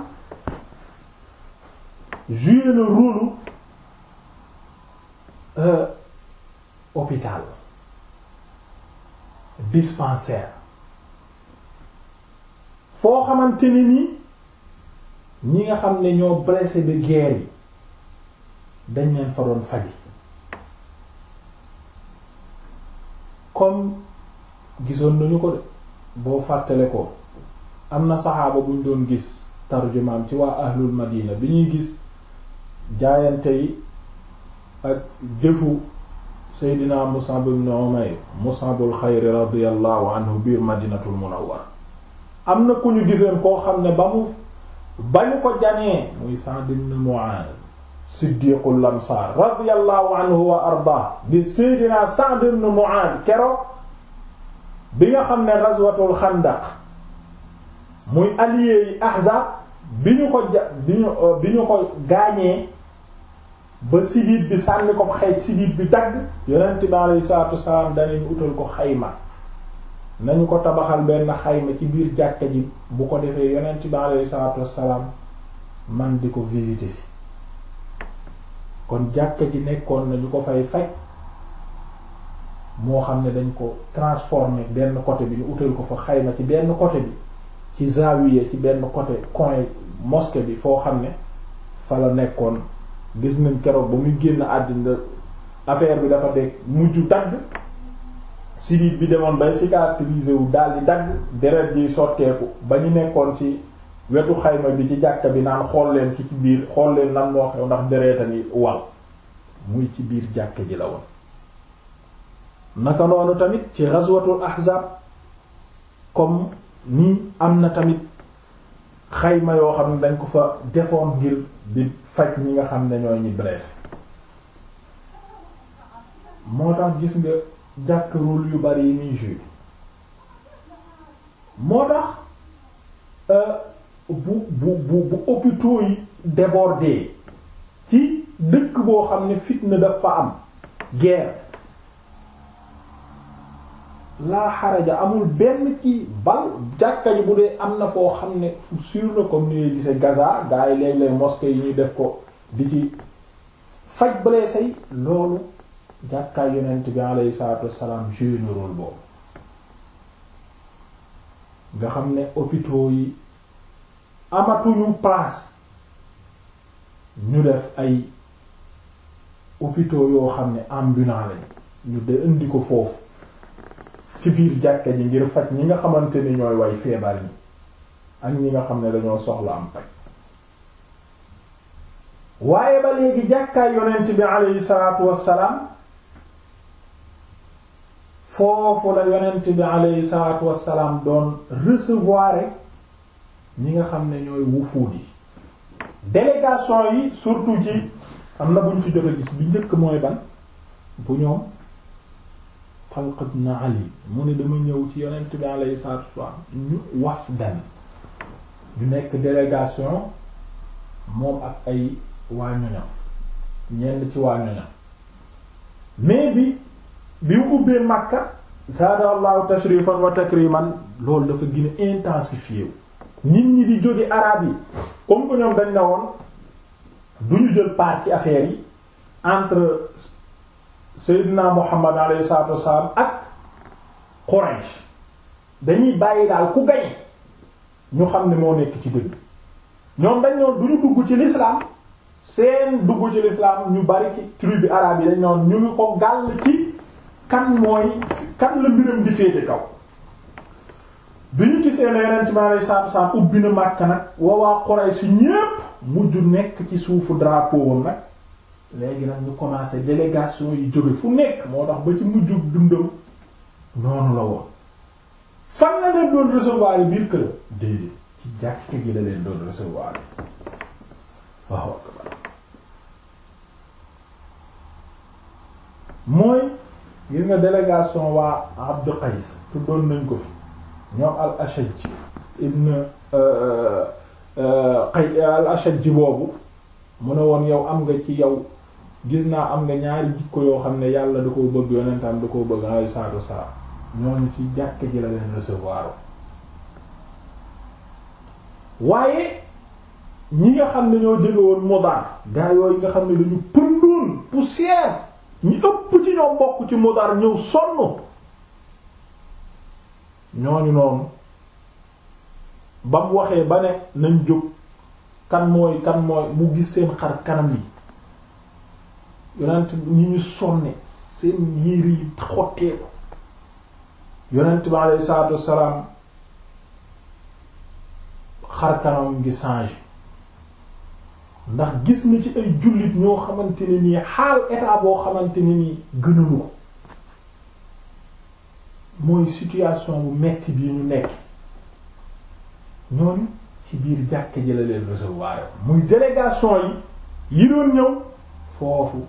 jouer le rôle euh, hôpital dispensaire foo xamante ni ñi nga xam ne ñoo blessé de guerre yi dañ leen fa doon faji comme gisoon nañu ko de boo fàttale ko am na saxaaba buñ doon gis tarjumaam ci waa ahlul madina bi ñuy gis jaayante yi ak jëfu seydina Mus'ab ibn Umayr Mus'abul xayri radiyallahu anhu biir madinatul munawwar am na ku ñu giseen koo xam ne ba mu ba ñu ko janee muy Sa'd ibn Mu'adh siddiqul ansaar radiyallahu anhu wa arda di seydina Sa'd ibn Mu'adh kero bi nga xam ne ghazwatul xandaq muy allié yi bi ñu ko ja bi ñu ko gaañee ba siddiit bi sànni ko xeej siddiit bi dagg yonent bi alayhi salaatu wasalaam danañu utal ko xayma nañu ko tabaxal benn xayma ci biir jàkka ji bu ko defee yonent bi alayhi salaatu wasalaam man di ko visiter si kon jàkka ji nekkoon na ñu ko fay faj moo xam ne dañ ko transformer benn côté bi ñu utal ko fa xayma ci benn côté bi ci zawiya ci benn côté coin mosquée bi foo xam ne fa la nekkoon gis nañ keroog ba muy génn àddinda affaire bi dafa deg mujj tagg sidit bi demoon bay cicatriser wu daal di dagg deret ji sotteeku ba ñu nekkoon ci wetu xayma bi ci jàkka bi naan xool leen ki ci biir xool leen nan moo xew ndax deretani wal muy ci biir jàkka ji la woon naka loolu tamit ci ghazwatul ahzab comme ni am na tamit xayma yoo xam ne dañ ko fa defoon ngir bi faj ñi nga xam ne ñoo ñi blessé moo tax gis nga jàkk rôle yu bari yi muy joué moo tax euh, bu bu bu bu hôpitaux ci dëkk boo xam ne fitna dafa am guerre laa ja amul benn ci bal jàkka bu dee am na foo xam ne fu sûr na comme ni gise Gaza gaa yi léeg-léeg mosquée yi ñuy def ko di ci faj blessé yi loolu jàkkaay yonent bi alayhi salaatu wassalaam joué na rôle boobu nga xam ne hôpitaux yi amatuñu place ñu def ay hôpitaux yoo xam ne ambulants lañ ñu de indi ko foofu ci biir jàkka ji ngir faj ñi nga xamante ni ñooy way feebar yi ak ñi nga xam ne dañoo soxla am paj waaye ba léegi jàkkaay yonent bi aleyhi salaatu wassalaam foofu la yonent bi aleyhi salaatu wassalaam doon recevoir ñi nga xam ne ñooy wufuud yi délégation yi surtout ci am na buñ fi jot a gis bi njëkk mooy ban bu ñoom Talq ibn Ali mu ne dama ñëw ci yonent bi alayhi salaatu wassalaam ñu wafdan ñu nekk délégation moom ak ay waa ñoñam ñenn ci waa ñoñam mais bi bi mu ubbee Makka zaada allahu tashrifan wa takriman loolu dafa gën a intensifié wu nit ñi di jóge arab yi comme dañ na woon du ñu jël part ci affaire yi entre Seydina Muhammad alayhi salaatu wassalaam ak Quraysh dañuy bàyyi daal ku gañ ñu xam ne moo nekk ci dëgg ñoom dañ ñoon du ñu dugg ci l'islam seen dugg ci l'islam ñu bari ci tribu arabe yi dañ ñoon ñu ngi ko gàll ci kan mooy kan la mbiram di féete kaw bi ñu gisee ne Yonent mi alayhi ubbi na Makka nag waa waa ñépp mujj nekk ci suufu drapeau wam nag léegi nag ñu commencé délégation yi jóge fu nekk moo tax ba ci mujjug dundam noonu la woon fan la leen doon recevoir yi biir kër déedéet ci jàkk gi la leen doon recevoir yi mooy gis nga délégation waa Abdu Qays tuddoon nañ ko fi ñoom al Ashaj ibn euh, euh, al Ashaj boobu mu ne woon yow am nga ci yow gis naa am nga ñaari jikko yoo xam ne yàlla da koo bëgg yonentam da koo bëgg ay saatu saa ñooñu ci jàkk ji la leen recevoir waaye ñi nga xam ne ñoo jële woon Mudaar gaa yooyu nga xam ne dañu pëndoon poussière ñi ëpp ci ñoo bokk ci Mudaar ñëw sonn ñooñu noonu ba waxee ba ne nañ jóg kan mooy kan mooy mu gis seen xar kanam yi yonent ñi ñu sonne seen yére yi xotteeku yonent bi alayhi salaatu wassalaam xar kanam gi ndax gis na ci ay jullit ñoo xamante ne nii xaal état boo xamante ni nii gënuñu ko mooy situation bu metti bi ñu nekk ñooñu ci biir jàkk ji la leen recevoir muy délégation yi yi doon ñëw foofu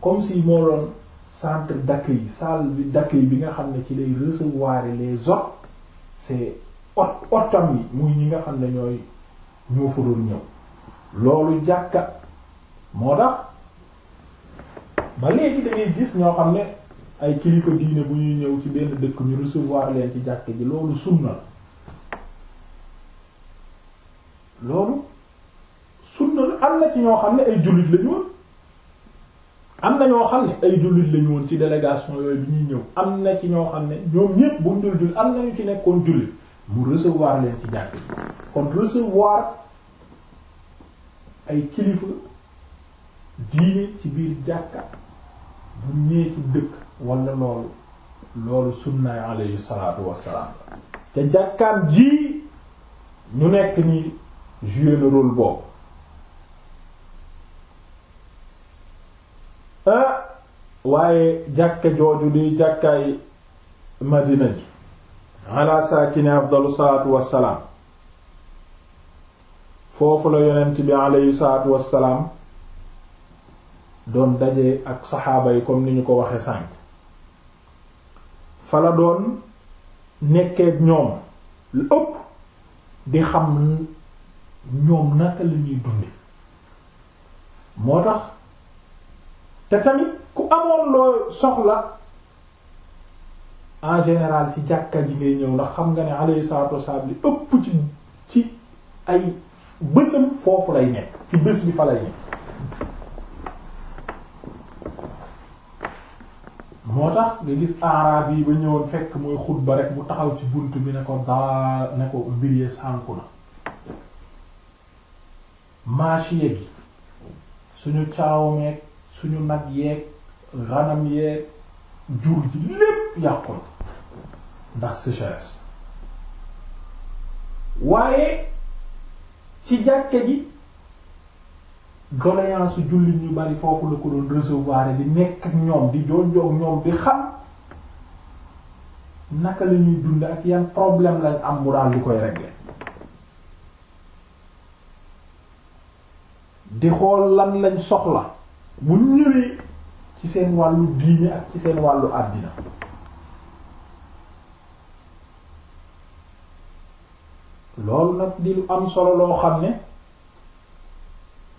comme si moo doon centre d'accueil salle bi d'accueil bi nga xam ne ci lay recevoir les hôtes c'est hôtes hôtam yi muy ñi nga xam ne ñooy ñoo fa ñëw loolu jàkka moo tax ba léegi da gis ñoo xam ne ay kilifa diine bu ñuy ñëw ci benn dëkk ñu recevoir leen ci jàkka ji loolu sunna la loolu sunna la am na ci ñoo xam ne ay jullit lañu woon am na ñoo xam ne ay jullit lañu woon ci délégation yooyu bi ñuy ñëw am na ci ñoo xam ne ñoom ñépp buñ dul jullit am nañu ci nekkoon jullit mu recevoir leen ci jàkk ji kon recevoir ay kilifa diine ci biir jàkka bu ñëwee ci dëkk wala loolu loolu sunnaay alayhi salaatu wassalaam te jàkkaam ji ñu nekk ni jouer le rôle boobu Ah, waaye jàkka jooju di jàkkaay madina ji ala saakini afdalu salaatu wassalaam foofu la yonent bi alayhi salaatu wassalaam doon daje ak saxaaba yi comme ni ñu ko waxe sànk fa la doon nekkeek ñoom lu ëpp di xam ñoom naka la ñuy dunde moo tax te tamit ku amoon loo soxla en général ci jàkka ji ngay ñëw ndax xam nga ne alayhi salatu wassalam li ëpp ci ci ay bésam foofu lay nekk ci bés bi fa lay nekk moo tax nga gis araab yi ba ñëwoon fekk mooy xutba rek mu taxaw ci bunt bi ne ko daa ne ko mbir yee sànku na maashiye gi suñu caaw meek suñu nag yeeg ranam yeeg jur ji lépp yàqu ndax sécheresse waaye ci jàkke ji doléance jullit ñu bari foofu la ko doon recevoir di nekk ak ñoom di joojoo ñoom di xam naka la ñuy dund ak yan problème lañ am mu daal di koy régler di xool lan lañ soxla bu ñëwee ci seen wàllu diine ak ci seen wàllu àddina loolu nag di lu am solo loo xam ne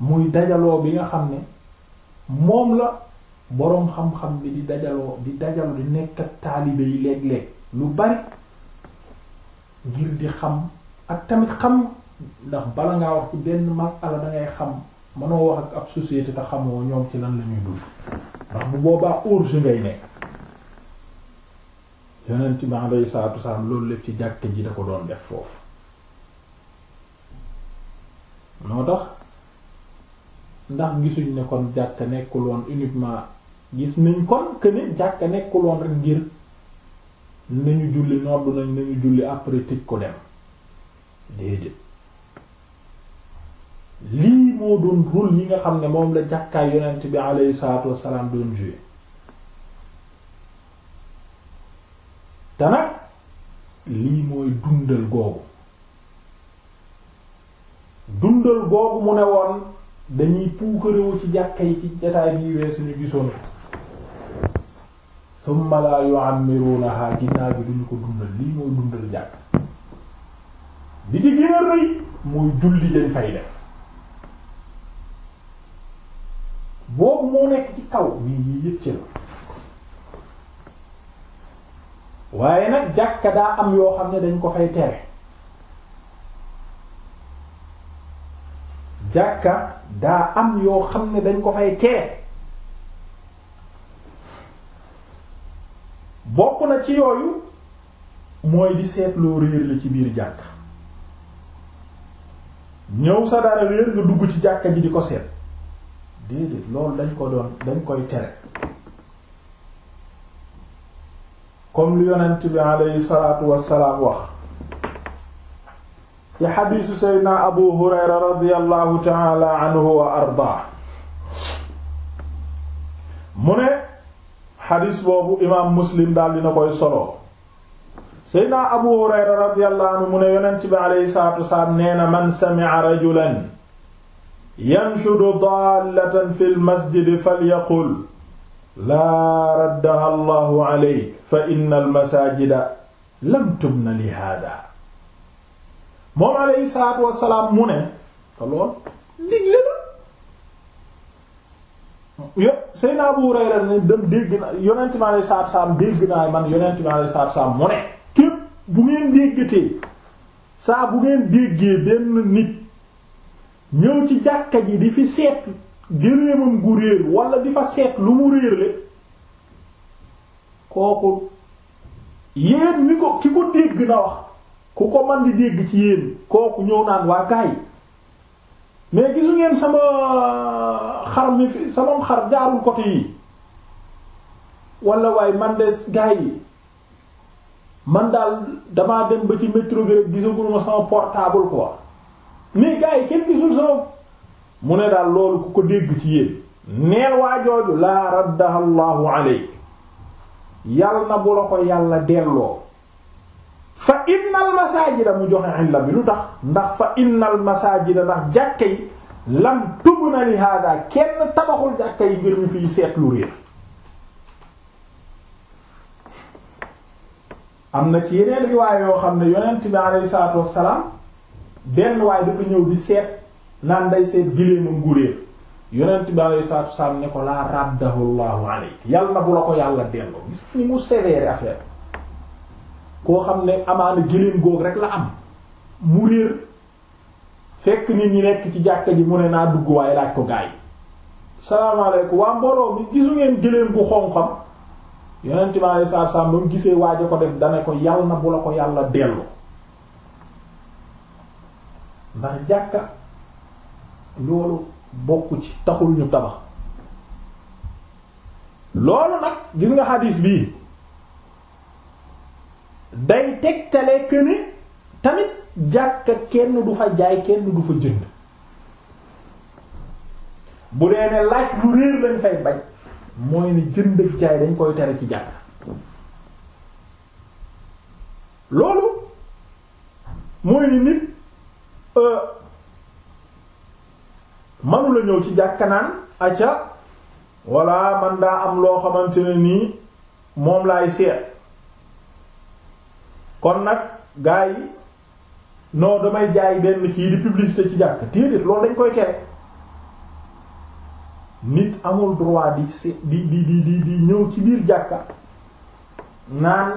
muy dajaloo bi nga xam ne moom la boroom xam-xam bi di dajaloo di dajaloo di nekk ak taalibe yi léeg lu bari ngir di xam ak tamit xam ndax bala ngaa wax ci benn masala dangay xam mënoo wax ak ab société te xamoo ñoom ci lan la ñuy dund ndax bu boobaa hors jeu ngay nekk yonent bi alayhi salaatu wasalaam loolu lépp ci jàkk ji da ko doon def foofu moo tax ndax gisuñ ne kon jàkk nekkul woon uniquement gis nañ kon que ne jàkk nekkul woon rek ngir nañu julli nodd nañ nañu julli après tëj ko dem déedéet lii moo doon rôle yi nga xam ne moom la jàkkaay yonent bi alayhi salaatu wassalaam doon jouer te nag lii mooy dundal googu dundal googu mu ne woon dañuy puukarewu ci jàkka yi ci jataay bii weesu ñu gisoon summa la yu'ammirunaha ginnaaw bi duñu ko dundal lii mooy dundal jàkk li ci gën rëy mooy julli dañ fay def boobu moo nekk ci kaw mii yii yëpp ci la waaye nag jàkka daa am yoo xam ne dañ ko fay tere jàkka daa am yoo xam ne dañ ko fay tere bokk na ci yooyu mooy di seetloo réer la ci biir jàkk ñëw sa dara réer nga dugg ci jàkka ji di ko seet déedéet loolu dañ ko doon dañ koy tere comme lu yonent bi aleyhi salaatu wassalaam wax ci xadiisu seydna abu hurayra radiallahu taala anhu wa ardaa mu ne xadiis boobu imaam muslim daal dina koy solo seydna abu hurayra radiallahu anhu mu ne yonent bi aleyhi salaatu wassalaam nee na man sami'a rajulan yanshudu daallatan fi lmasjidi falyaqul laa raddaha allahu aleyk fa inna almasaajida lam tubna li haadaa moom aleyhi salaatu wasalaam mu ne te lool digle la yo Seydina Abu Hurayra ne dem dégg na yonent mi aleyhi salaatu wasalaam dégg naa man yonent mi aleyhi salaatu wasalaam mu ne képp bu ngeen déggatee saa bu ngeen déggee benn nit ñëw ci jàkka ji di fi seet géréemam gu réer wala di fa seet lu mu réerle kooku yéen ni ko ki ko dégg na wax ku ko man di dégg ci yéen kooku ñëw naan waa gaa yi mais gisu ngeen sama xar mi fi sama xar jaarul côté yi wala waaye man de gaa yi man daal damaa dem ba ci métro bi rek gisagul ma sama ko quoi mais gars yi kenn gisul mu ne daal loolu ku ko dégg ci yéen neel waa jooju laa raddaha llahu aleyk yàlla na bu la ko yàlla delloo fa innal masajida mu joxe illa bi lu tax ndax fa innal masajida ndax jàkke yi lam na li hada kenn tabaxul jàkke yi ngir ñu fiy seetlu réer am na ci yeneen riwaay yoo xam ne yonent bi aleyhi salaatu wassalaam benn waay dafa ñëw di seet naan day seet gileemam guréer yonent bi alayhi salaatu wasalaam ne ko laa raddahu llahu aleyk na bu la ko yàlla delloo gis ni mu sévère rafet koo xam ne amaana gileem goog rek la am mu réer fekk nit ñi nekk ci jàkka ji mu ne naa dugg waaye laaj ko gaa yi salaamaaleykum waa mbooloo mi gisu ngeen gileem gu xonxam yonent bi alayhi salaatu wasalaam ba mu gisee waaja ko def dana ko yàlla na bu la ko yàlla delloo ndax jàkka loolu bokk ci taxul ñu tabax loolu nag gis nga xadiis bii day tegtale que tamit jàkka kenn du fa jaay kenn du fa jënd bu dee ne laaj lu réer lañ fay bañ mooy ne jënd ak jaay dañ koy tere ci jàkka loolu mooy ni nit Euh, manu la ñëw ci jàkka naan acca walla man daa am loo xamante ne nii moom laay seet kon nag gaa yi non damay jaay benn kii di publicité ci jàkk téedéet loolu dañ koy tere nit amul droit di se di di di di ñëw ci biir jàkka naan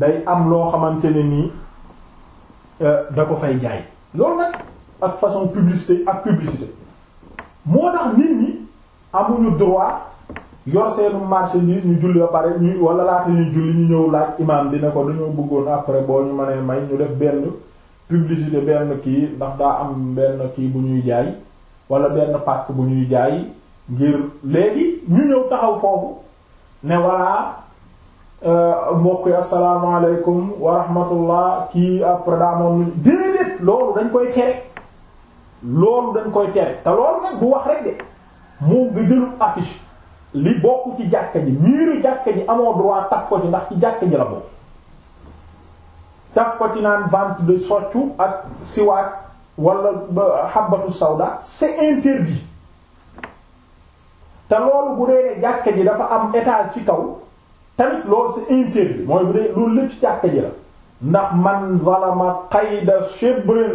day am loo xamante ne nii Euh, da ko fay jaay loolu nag ak façon publicité ak publicité moo tax nit ñi amuñu droit yor seenu marchandise ñu julli ba pare ñu wala laata ñu julli ñu ñëw laaj imam bi ne ko dañoo bëggoon après boo ñu mënee may ñu def benn publicité benn kii ndax daa am benn kii bu ñuy jaay wala benn pàcc bu ñuy jaay ngir léegi ñu ñëw taxaw foofu ne voilà Euh, mbokk yi asalaamaaleykum wa rahmatullah kii après daa moom déedéet loolu dañ koy tere loolu dañ koy tere te loolu nag du wax rek de moom nga jëlu affiche li bokk ci jàkka ji miiru jàkka ji amoo droit ndax ci jàkka ji la bokk de soccu ak siwaat sawda c'est interdit loolu bu dee jàkka ji dafa am étage ci kaw tamit loolu c'est interdit mooy bu dee loolu lépp ci jàkka ji la ndax man zalama qayda shibrin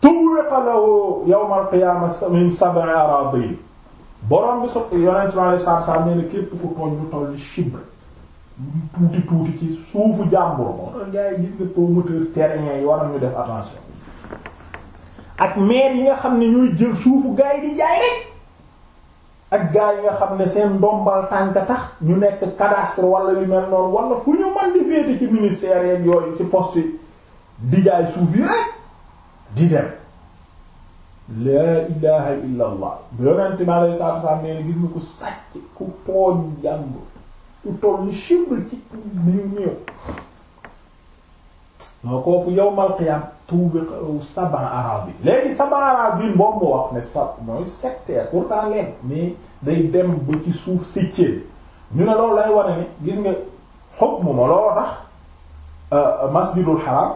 tuwriqa lahu yawmal qiyaamati min sab'i araadin borom bi sotti yonent ma saa saa nee na képp fu tooñ bu toll shibr tuuti tuuti ci suufu jàmbur moo tax gars yi gis nga promoteur terrain yi war nañu def attention ak maire yi nga xam ne ñuy jël suufu gars di jaay rek. ak gaa yi nga xam ne seen ndombal tànk tax ñu nekk cadastre wala yu mel noonu wala fu ñu man di féete ci ministère yeeg yooyu ci poste yi di suuf yi di dem laa ilaha illa allah yonente bi alei salatu salaam gis nga ku sàcc ku pooñ jàmb ku toll ni chibre ci niw ñëw noo kooku yowmal qiyam tuubi saban arabe yi léegi saban arabe yi moom mu wax ne sa mooy sectaire pourtant leen mais day dem ba ci suuf siccéen ñu ne loolu lay wane ni gis nga xukmu ma looloo tax euh, masjidul haram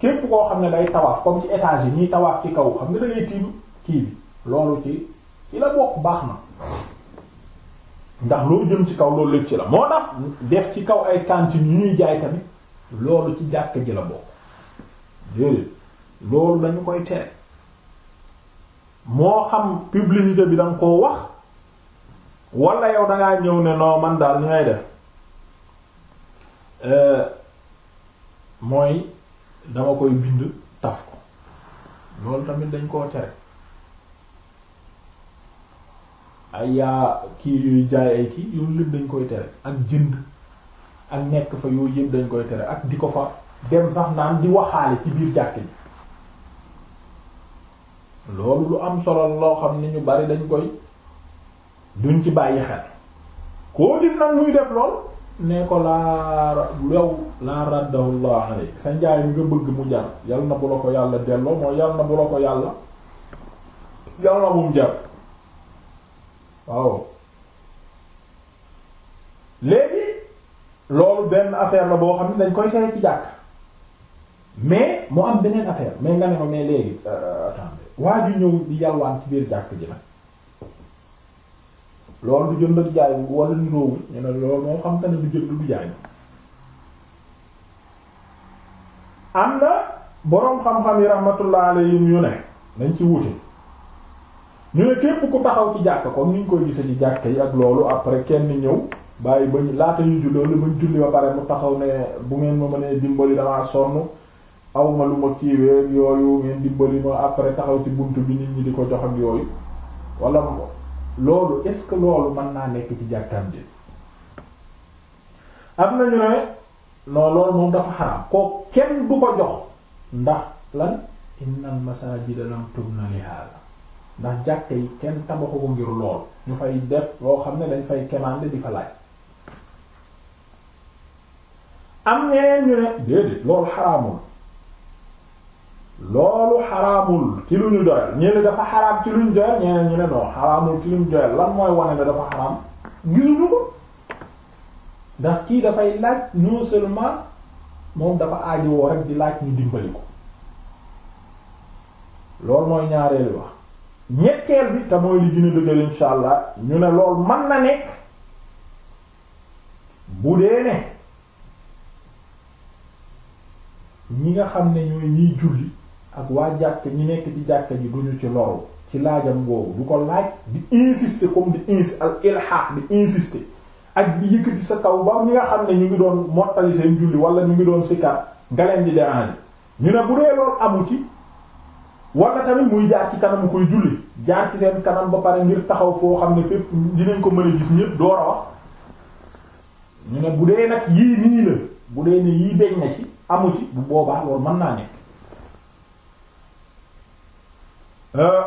képp koo xam ne day tawaaf comme ci étage yi ñuy tawaaf ci kaw xam nga da tiim kii bi loolu ci ci la bokk baax na ndax loo jëm ci kaw loolu lépp ci la moo tax def ci kaw ay cantine yu ñuy jaay tamit loolu ci jàkk ji la bokk loolu dañu koy tere moo xam publicité bi da nga koo wax wala yow dangaa ñëw ne noo man daal ni ngay def euh, mooy dama koy bind taf ko loolu tamit dañ koo tere ay yaa kii yuy jaay ay kii yooyu lépp dañ koy tere ak jënd ak nekk fa yooyu yëpp dañ koy tere ak di ko fa dem sax naan di waxaale ci biir jàkk ji loolu lu am solo loo xam ni ñu bari dañ koy duñ ci bàyyi xel koo gis nag muy def lool nee ko laa yow laa raddahullah alayk sa njaay nga bëgg mu jar yal na bu la ko yàlla delloo mooy yal na bu la ko yàlla yal na mu jar waaw léegi loolu benn affaire la boo xam ne dañ koy tere jàkk mais mu am beneen affaire mais nga ne ma mais léegi euh, attendez waa ju ñëw di yalwaan ci biir jàkk ji nag loolu du jënd du jaay wala du xam te ne du jënd du jaay am na boroom xam-xam yi rahmatullah alayhim yu ne nañ ci wute ñu ne képp ku taxaw ci jàkk comme ni ñu koy gise ci jàkk yi ak loolu après kenn ñëw bàyyi ba laata ñu julli wala bañ julli ba mu taxaw ne bu ngeen ma mënee dimbali damaa sonn awma lu ma kiiwee yooyu ngeen dimbali ma après taxaw ci buntu bi nit ñi di ko jox ak yooyu wala loolu est-ce que loolu mën naa nekk ci jàkkaam de am nañu ne non loolu moom dafa xaraam koo kenn du ko jox ndax lan innal masajida lam tubna li hada ndax jàkka yi kenn tabaxu ko ngir lool ñu fay def loo xam ne dañ fay kemaande di fa laaj am ñeneen ñu ne déedéet loolu xaraamul loolu xaraamul ci lu ñu doyal ñeneen dafa xaraam ci lu ñu doyal ñeneen ñu ne non xaraamul ci lu ñu doyal lan mooy wane ne dafa xaraam gisuñu ko ndax kii dafay laaj non seulement moom dafa aajowoo rek di laaj ñu dimbali ko loolu mooy ñaareelu wax ñetteel bi te mooy li gën a insha allah ñu ne lool man na nekk bu dee ne ñi nga xam ne ñooy ñiy julli ak waa jàkk ñi nekk di jàkk ji duñu ci loru ci laajam boobu du ko laaj di insister comme di ins al ilhaq di insister ak di ci sa kaw ba ñi nga xam ne ñu ngi doon mottali seen julli wala ñu ngi doon sikkat nga leen di déranger ñu ne bu dee loolu amu ci wala tamit muy jaar ci kanam koy julli jaar ci seen kanam ba pare ngir taxaw foo xam ne fépp dinañ ko mën a gis ñépp door a wax ñu ne bu dee nag yii nii la bu dee ne yii deñ na ci amu ci bu boobaa loolu mën naa nekk Euh,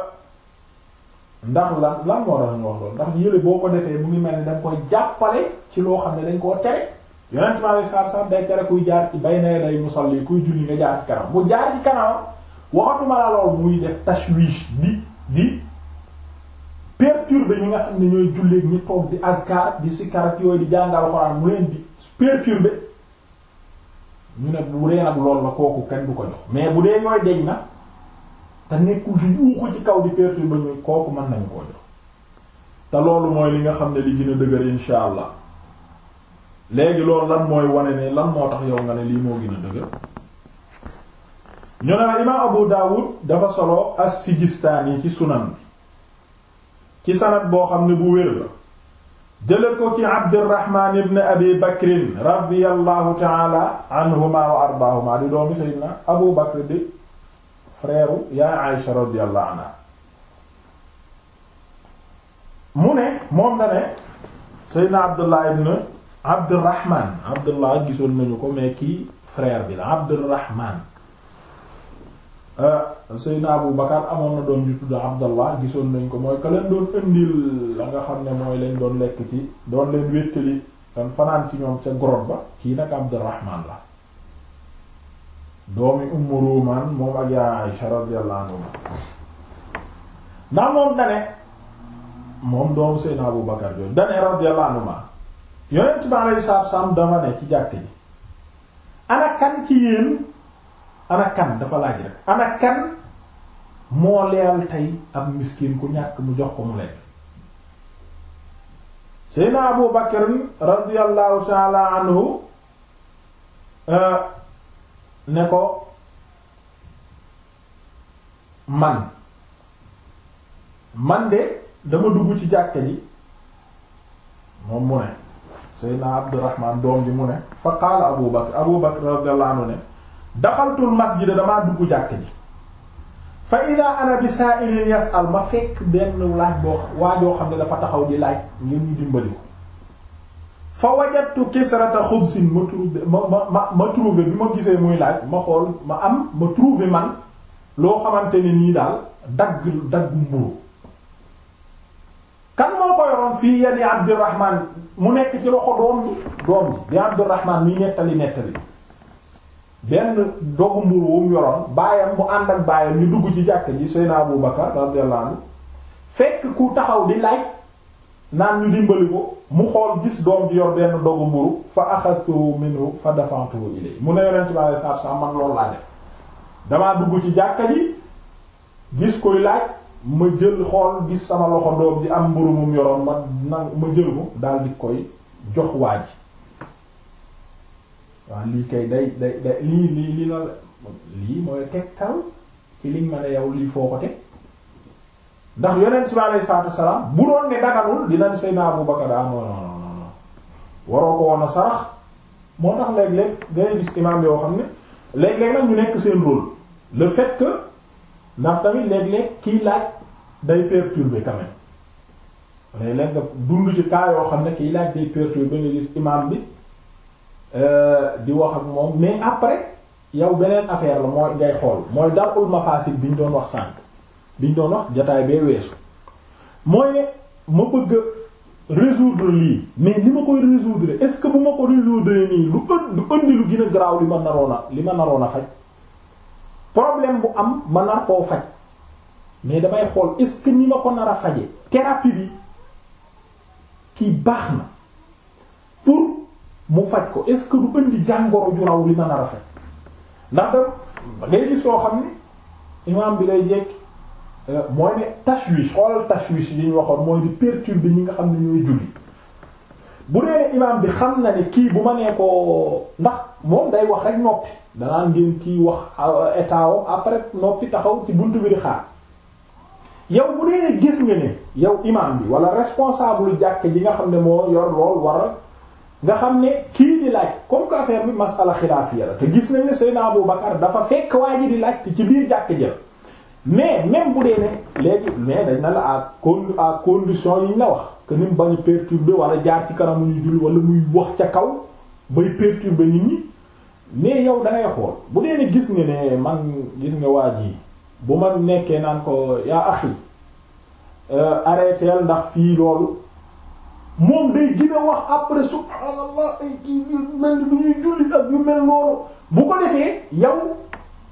ndax lan lan moo doon wax loolu ndax yële boo ko defee mu ngi mel ni da koy jàppale ci loo xam ne dañ koo tere yonent bi alayhi salaatu salaam tere kuy jaar ci bay na day musalli kuy julli nga jaar ci kanam bu jaar ci kanam waxatuma la lool nga xam ne ñooy julleek ñi toog di di sikkar ak yooyu di jàngal Alxuraan mu leen di perturber ñu ne bu dee nag lool la kooku kenn du ko jox mais bu dee ñooy deñ na. te nekkul di yuuxu ci kaw di perturber ñu kooku mën nañ koo jox te loolu mooy li nga xam ne li gën a dëgër insha léegi loolu lan mooy wane ne lan moo tax yow nga ne lii moo gën a dëgër ñu ne la imaam Abu Dawud dafa solo as-Sijistaani ci sunan bi ci sanad boo xam ne bu wér la jële ko ci Abdurrahman ibn Abi Bakrin radiyallahu ta'ala anhuma wa ardaahuma di doomi Seydina Abu Bakr di frère yaa Aïsha radiyallahu anha mu ne moom la ne Seydina Abdullah ibn Abdurrahman Abdullah gisoon nañu ko mais kii frère bi la Abdurrahman euh, Seydina Abu Bakar amoon na doon ñu tudd gisoon nañ ko mooy ka leen doon indil la nga xam ne mooy lañ doon lekk ci doon leen wéttali doon fanaan ci ñoom ca grotte ba kii nag Abdurrahman la doomi ummu ruumaan moom ak yaa Aysha radiyallahu anha ndax moom dane moom doomu Seydina Abu Bakar jooju dane radiyallahu anhuma yonent bi alayhi salaatu salaam dama ne ci jàkk ji ana kan ci yéen ana kan dafa laaj rek ana kan moo leyal tey ab miskin ku ñàkk mu jox ko mu lekk Seydina Abu Bakar radiyallahu ta'ala anhu euh, ne ko man man de dama dugg ci jàkka ji moom mu ne Seydina Abdurrahman doom ji mu ne fa qaala Abu Bakr Abu Bakr radiyallahu anhu ne daxaltul masjida damaa dugg jàkka ji fa ila ana bi sa'ilin yas'al ma fekk benn laaj boo waajoo xam ne dafa taxaw di laaj ngeen ñu dimbali ko fa wajatu kisrata xubsin ma trouvé ma ma ma bi ma gisee muy laaj ma xool ma am ma trouvé man loo xamante ni nii daal dagg daggu mburu kan moo ko yoroon fii yadi Abdurrahman mu nekk ci loxo doom bi doom bi di Abdurrahman miy nettali nettali benn dogu mburu wu yoroon baayam mu ànd ak baayam ñu dugg ci jàkk ji Seydina Abu Bakar radiyallahu fekk ku taxaw di laaj naan ñu dimbali ko mu xool gis doom ji yor benn dogu mburu fa axadtuhu minhu fa dafa'tuhu ilay mu ne yonent bi alayhi salaatu salaam man loolu laa def damaa dugg ci jàkka ji gis koy laaj ma jël xool gis sama loxo doom ji am mburu mum yoroon ma nang ma jël ko daal koy jox waa ji waaw lii kay day day lii lii lii la lii mooy tegtal ci liñ ma ne yow lii foo ko teg ndax yonent bi alayhi salaatu wasalaam bu doon ne daganul dinañ Seydina Abu Bakar ah non non non waroo ko woon a sarax moo tax léeg-léeg day gis imaam yoo xam ne léeg nekk seen rôle le fait que tamit léeg-léeg kiy laaj day perturber quand même. léeg-léeg nga dund ci cas yoo xam ne kii laaj day bi nga gis imaam bi euh, di wax ak moom mais après yow beneen affaire la mooy ngay xool mooy darul mafasid bi ñu doon wax sànq. biñ doon wax jataay bee weesu mooy ne ma bëgg résoudre lii mais li ma koy résoudre est-ce que bu ma ko résoudre nii lu ënd lu ëndi lu gën a garaaw li ma naroon a li ma naroon a faj problème bu am ma nar koo faj mais damay xool est-ce que ni ma ko nar a faje thérapie bi kii baax na pour mu faj ko est-ce que du indi jàngoro ju raw li ma nar a faj ndax da ngay gis soo xam ne imaam bi lay jekk Euh, mooy ne tashwish xoolal tashwish yi waxoon mooy di bi ñi nga xam ne ñooy julli bu dee imaam bi xam na ni kii bu ma nee ko ndax moom day wax rek noppi danaan ngeen kii wax euh, état wam après noppi taxaw ci bunt bi di xaar yow bu dee gis nga ni yow imaam bi wala responsable jàkk ji nga xam ne moo yor lool war nga xam ne kii di laaj comme que affaire bi masala xilaafiya la te gis nañ ne Seydina Abou Bakar dafa fekk waa ji di laaj te ci biir jàkk ji mais même bu dee ne léegi mais dañ na la à con à condition yi ñu la wax que ni mu bañ a bi wala jaar ci kanamu ñu julli wala muy wax ca kaw bay perturber nit ñi mais yow da ngay xool bu dee ne gis nga ne man gis nga waa ji bu ma nekkee naan ko yaa axi euh, arrêté ndax fii loolu moom day gën a wax après subhaanallah ay kii mel ni ak yu mel noonu bu ko defee yow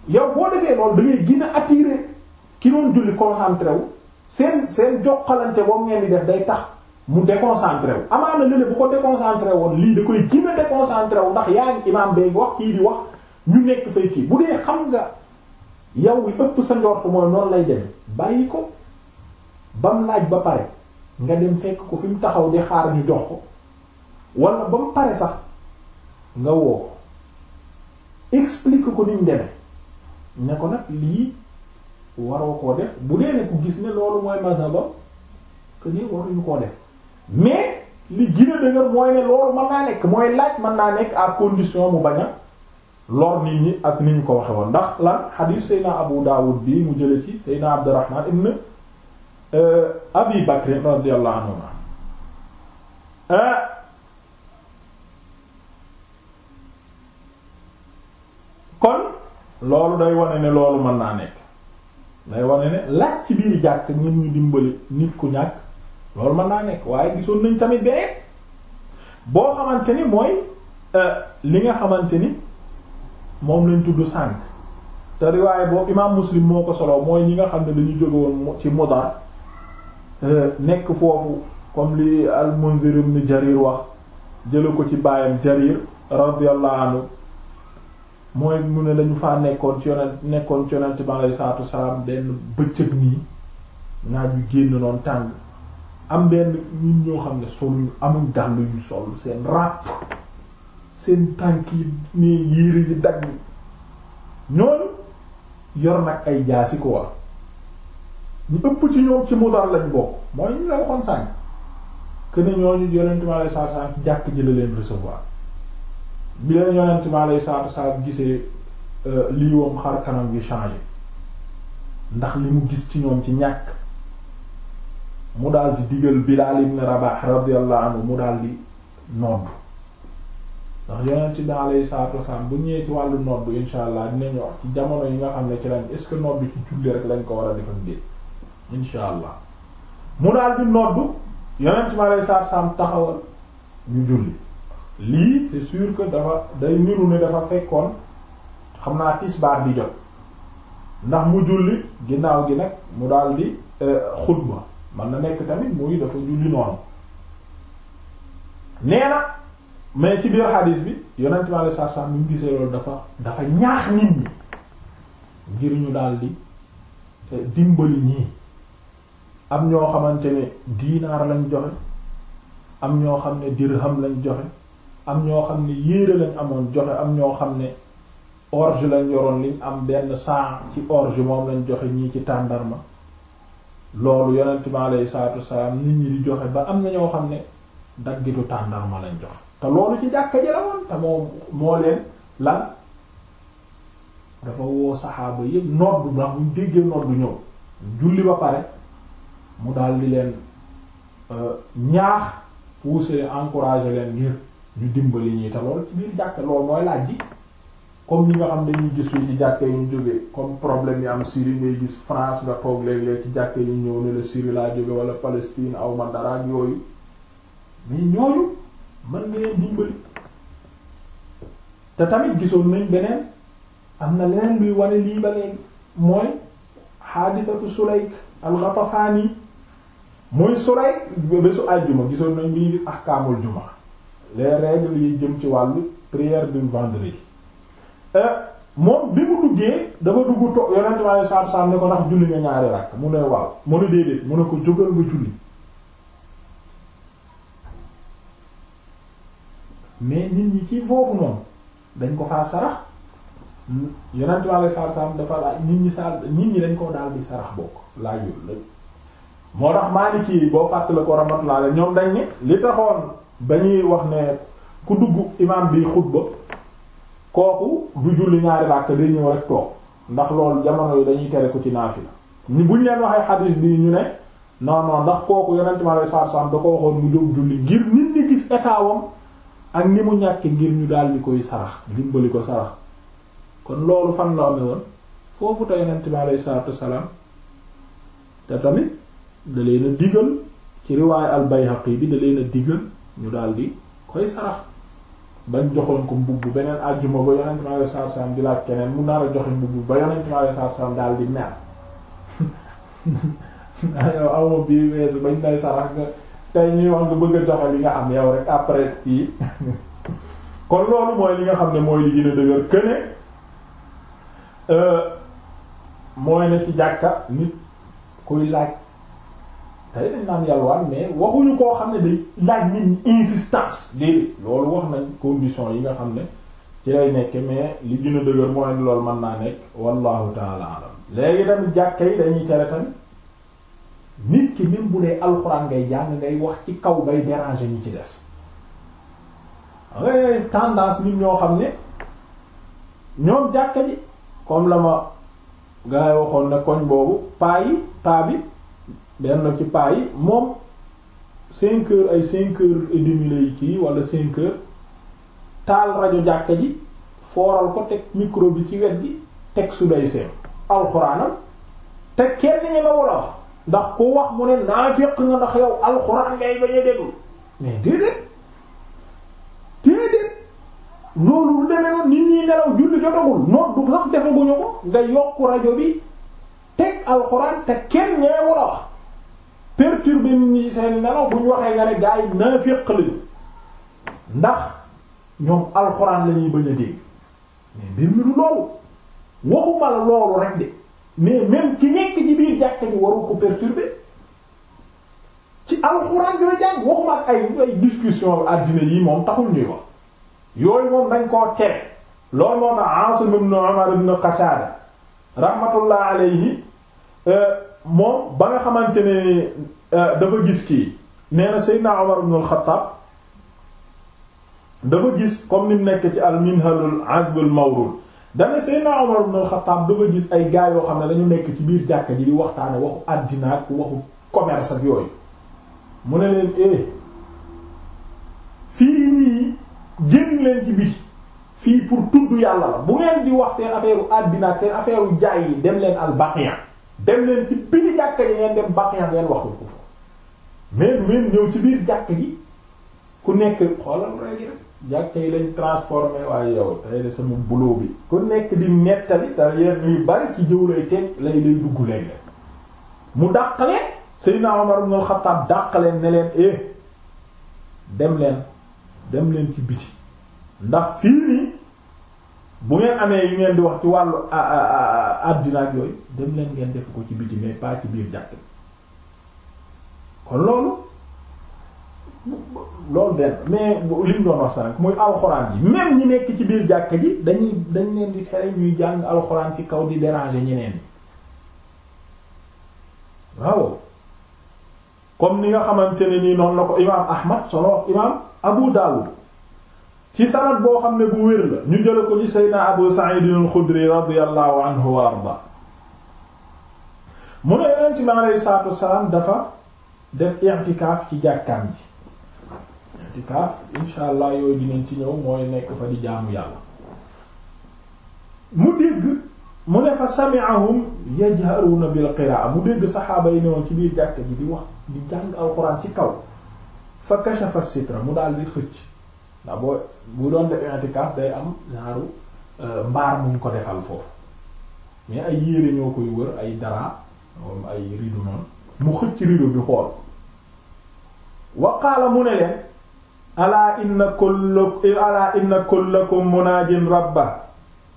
yow boo defee loolu da ngay gën ki doon julli concentré wu seen seen jokkalante boobu ngeen ni def day tax mu déconcentré wu amaana lële bu ko déconcentré woon lii da koy gën a déconcentré wu ndax yaa ngi imaam bay wax kii di wax ñu nekk fay kii bu dee xam nga yow li ëpp sa njort mooy noonu lay dem bàyyi ko bam laaj ba pare nga dem fekk ko fi mu taxaw di xaar ñu jox ko wala ba pare sax nga woo ko explique ko ni mu demee ne ko nag lii waroo koo def bu dee ne ku gis ne loolu mooy mazhabam que waruñu koo def mais li gën a mooy ne loolu mën naa nekk mooy laaj mën naa nekk à condition mu bañ a nit ñi ak ni ñu ko waxe woon ndax la xadiis Seydina Abu Dawud bii mu jële ci Seydina Abdurrahman ibn euh, Abi Bakr radiyallahu anhuma euh, kon loolu day wane ne loolu mën naa nekk lay wane ne laaj ci biir jàkk ñun ñu dimbali nit ku ñàkk loolu mën naa nekk waaye gisoon nañ tamit beneen boo xamante ni mooy euh, li nga xamante ni moom lañ tudd sànq te riwaay boobu imaam muslim moo ko solo mooy ñi nga xam ne dañu jóge woon ci Mudar euh, nekk foofu comme li al-Munzir ibn Jarir wax jële ko ci baayam Jarir radiyallahu anhu mooy mu ne dañu faa nekkoon ci yonent nekkoon ci yonent bi alayhi salaatu salaam benn bëccëg nii naaj yu génn noonu tàng am benn ñun ñoo xam ne soluñu amuñ dàll yu sol seen ràpp seen tànk yi nii yére yi dagg ñooñu yor nag ay jaasi ko wax ñu ëpp ci ñoom ci Mudar lañ bokk mooy ñu la waxoon sànq que ne ñooñu yonent bi alayhi salaatu salaam jàkk ji la bi leen yonent bi alayhi salaatu wasalaam gisee euh, lii xar kanam gi changé ndax li mu gis ci ñoom ci ñàkk mu daal di digal Bilaal ibn Rabaah radiyallahu anhu mu daal di nodd ndax yonent bi alayhi salaatu wasalaam bu ñëwee ci wàllu nodd insha allah dinañu wax ci jamono yi nga xam ne ci lañ est-ce que nodd ci julli rek lañ ko war a def ak déet insha allah mu daal di nodd yonent mu alayhi salaatu wasalaam taxawal ñu julli lii c'est sûr que dafa day niru ne dafa fekkoon xam naa tisbaar di jot ndax mu julli ginnaaw gi nag mu daal di euh, xutba man na nekk tamit muy dafa julli noonu nee na mais ci biir xadis bi yonent mi alei satu salaam bi gisee loolu dafa dafa ñaax nit ñi ngir ñu daal di euh, dimbali ñii am ñoo xamante ne diinaar lañ joxe am ñoo xam ne dirham lañ joxe am ñoo xam ne yére lañ amoon joxe am ñoo xam ne orge lañ yoroon liñ am benn saa ci orge moom lañ joxe ñii ci tàndarma loolu yonent bi aleyhi salaatu wasalaam nit ñi di joxe ba am na ñoo xam ne daggitu tàndarma lañ joxe te loolu ci jàkka ji la woon te moo moo leen lan dafa woo saxaaba yépp noddu ndax buñ déggee noddu ñëw julli ba pare mu daal di leen euh, ñaax pousser encourage leen ngir ñu dimbali ñi te lool ci biir jàkk loolu mooy laaj comme ñi nga xam dañuy gis lu ci jàkk yi ñu jógee comme problème yi am Syrie ngay gis France nga toog léeg-léeg ci jàkk yi ñëw ne la Syrie laa jóge wala Palestine aw ma dara ak yooyu mais ñooñu mën nga leen dimbali te tamit gisoon nañ beneen am na leneen luy wane lii ba léegi mooy xaadisatu Sulayk al-Ghatafani mooy Sulayk bésu àjjuma gisoon nañ bi ahkaamul juma les règles yi jëm ci wàllu prière du vendredi euh, moom bi mu duggee dafa dugg to yonent saab saab ne ko ndax julli nga ñaari rakk mu ne waaw mu ne déedéet mu ne ko jógal nga julli mais nit ñi ci foofu noonu dañ ko faa sarax yonent ma saab saab dafa laaj nit ñi saab nit ñi dañ ko daal di sarax bokk laa yooyu moo tax Maliki boo fàttali ko raxmatulaale ñoom dañ ne li taxoon ba ñuy wax ne ku dugg imam bi xutba kooku du julli ñaari ràkk day ñëw rek toog ndax loolu jamono yi dañuy tere ko ci naafila ñu buñ leen waxee xadiis bi ñu ne non non ndax kooku yonent ma lay sarsam da ko waxoon mu jóg julli ngir nit ñi gis état wam ak ni mu ñàkk ngir ñu daal di koy sarax dimbali ko sarax kon loolu fan la amee woon foofu te yonent bi aleyhi salaatu te tamit da leen a ci riwaay al Bayhaqi bi da leen a ñu daal di koy sarax bañ joxoon ko mbubb beneen àjjuma ba yonent mi alayhi salaatu salaam di laaj keneen mu nar a joxe mbubb ba yonent mi alayhi salaatu salaam daal di mer (laughs) yow amoo bii weesu bañ lay sarax nga tey ñuy wax nga bëgg a joxe li nga am yow rek après kii (laughs) kon loolu mooy li nga xam ne mooy li gën a dëgër këne euh, mooy ne ci jàkka nit kuy laaj tey naan yalwaan mais waxuñu koo xam ne day laaj nit insistance déedéet loolu wax nañ condition yi nga xam ne ci lay nekk mais li gën a dëgër mooy loolu mën naa nekk wallahu taala alam léegi tamit jàkka yi dañuy tere tamit nit ki même bu dee alxuraan ngay jàng ngay wax ci kaw ngay déranger ñi ci des ay tendance nit ñoo xam ne ñoom jàkka ji comme la ma gaa yi waxoon ne koñ boobu paa yi paa benn ci paa yi moom cinq heures ay cinq heures et demi lay kii wala cinq heures taal rajo jàkka ji fooral ko teg micro bi ci wet gi teg su day seen alxuraanam te kenn ñi ma wala wax ndax ku wax mu ne naafiq nga ndax yow alxuraan ngay bañ a déglu mais déedéet déedéet loolu lu demee noonu nit ñi nelaw julli jotagul noonu du sax defaguñu ko nga yokk rajo bi teg alxuraan te kenn ñee wala wax perturber nit ñi ci seen nelaw bu ñu waxee nga ne gaa yi naafiq lañu ndax ñoom alxuraan la ñuy a dégg mais mbir mi du loolu waxuma loolu rek de mais même ki nekk ci biir jàkka ji waru ko perturber ci alxuraan yooyu jàng waxuma ay discussion addina yi moom taxul ñuy wax yooyu moom dañ koo tere loolu moo tax Asim ibn Umar ibn Qatada alayhi euh, moom ba nga xamante ne euh, dafa gis kii nee na Seydina Omar ibn al dafa gis comme ni mu nekk ci al-Minhalul Azbul Mawrud dana Seydina Omar ibn al-Khattab dafa gis ay gaa yoo xam ne dañu nekk ci biir jàkka ji di waxtaane waxu àddina ak waxu commerce ak yooyu mu ne leen eh fii nii génn leen ci fii pour tudd yàlla la bu ngeen di wax seen affaire u seen affaire u jaay yi dem leen al dem leen ci biir jàkka ji ngeen dem bàq ya ngeen waxu ko fa mais du ñëw ci biir jàkka ji ku nekk xoolal rek jàkka yi lañ transformé waaye yow tey de sama boulot bi ku nekk di nettali te yéen ñuy bari ci jëw lay teg lay lay dugg lay la mu dàqale Seydina Omar ibn al-Khattab dàqaleen ne leen eh dem leen dem leen ci biti ndax fii nii bu ngeen amee yu ngeen di wax ci wàllu àddina ak yooyu dem leen ngeen def ko ci biti mais ci biir jàkk kon loolu loolu benn mais li mu doon wax sànq muy alxuraan ji même ñi nekk ci biir jàkk ji dañuy dañ leen di tere ñuy jàng alxuraan ci kaw di déranger ñeneen waaw comme ni nga xamante ne nii noonu la ko imaam Ahmad solo imaam Abu Dawud ci sanad boo xam ne bu wér la ñu jële ko ci seydna abu sa'id al-xudri radiyallahu anhu wa arda mu ne yonent bi alayhi salaatu wassalaam dafa def i'tikaaf ci jàkkaam ji i'tikaaf insha allah yooyu dinañ ci ñëw mooy nekk fa di jaamu yàlla mu dégg mu ne fa sami'ahum yajharuna bil qira'a mu dégg saxaaba yi ci biir jàkk ji di wax di jàng ci kaw fa kashafa sitra mu daal di xëcc ndax boo bu doon def i'tikaf day am ñaaru euh, mbaar muñ ko defal foofu mais ay yére ñoo koy wër ay dara ay rido noonu mu xëcc rido bi xool wa mu ne leen alaa inna kullakum alaa inna kullakum munaajin rabba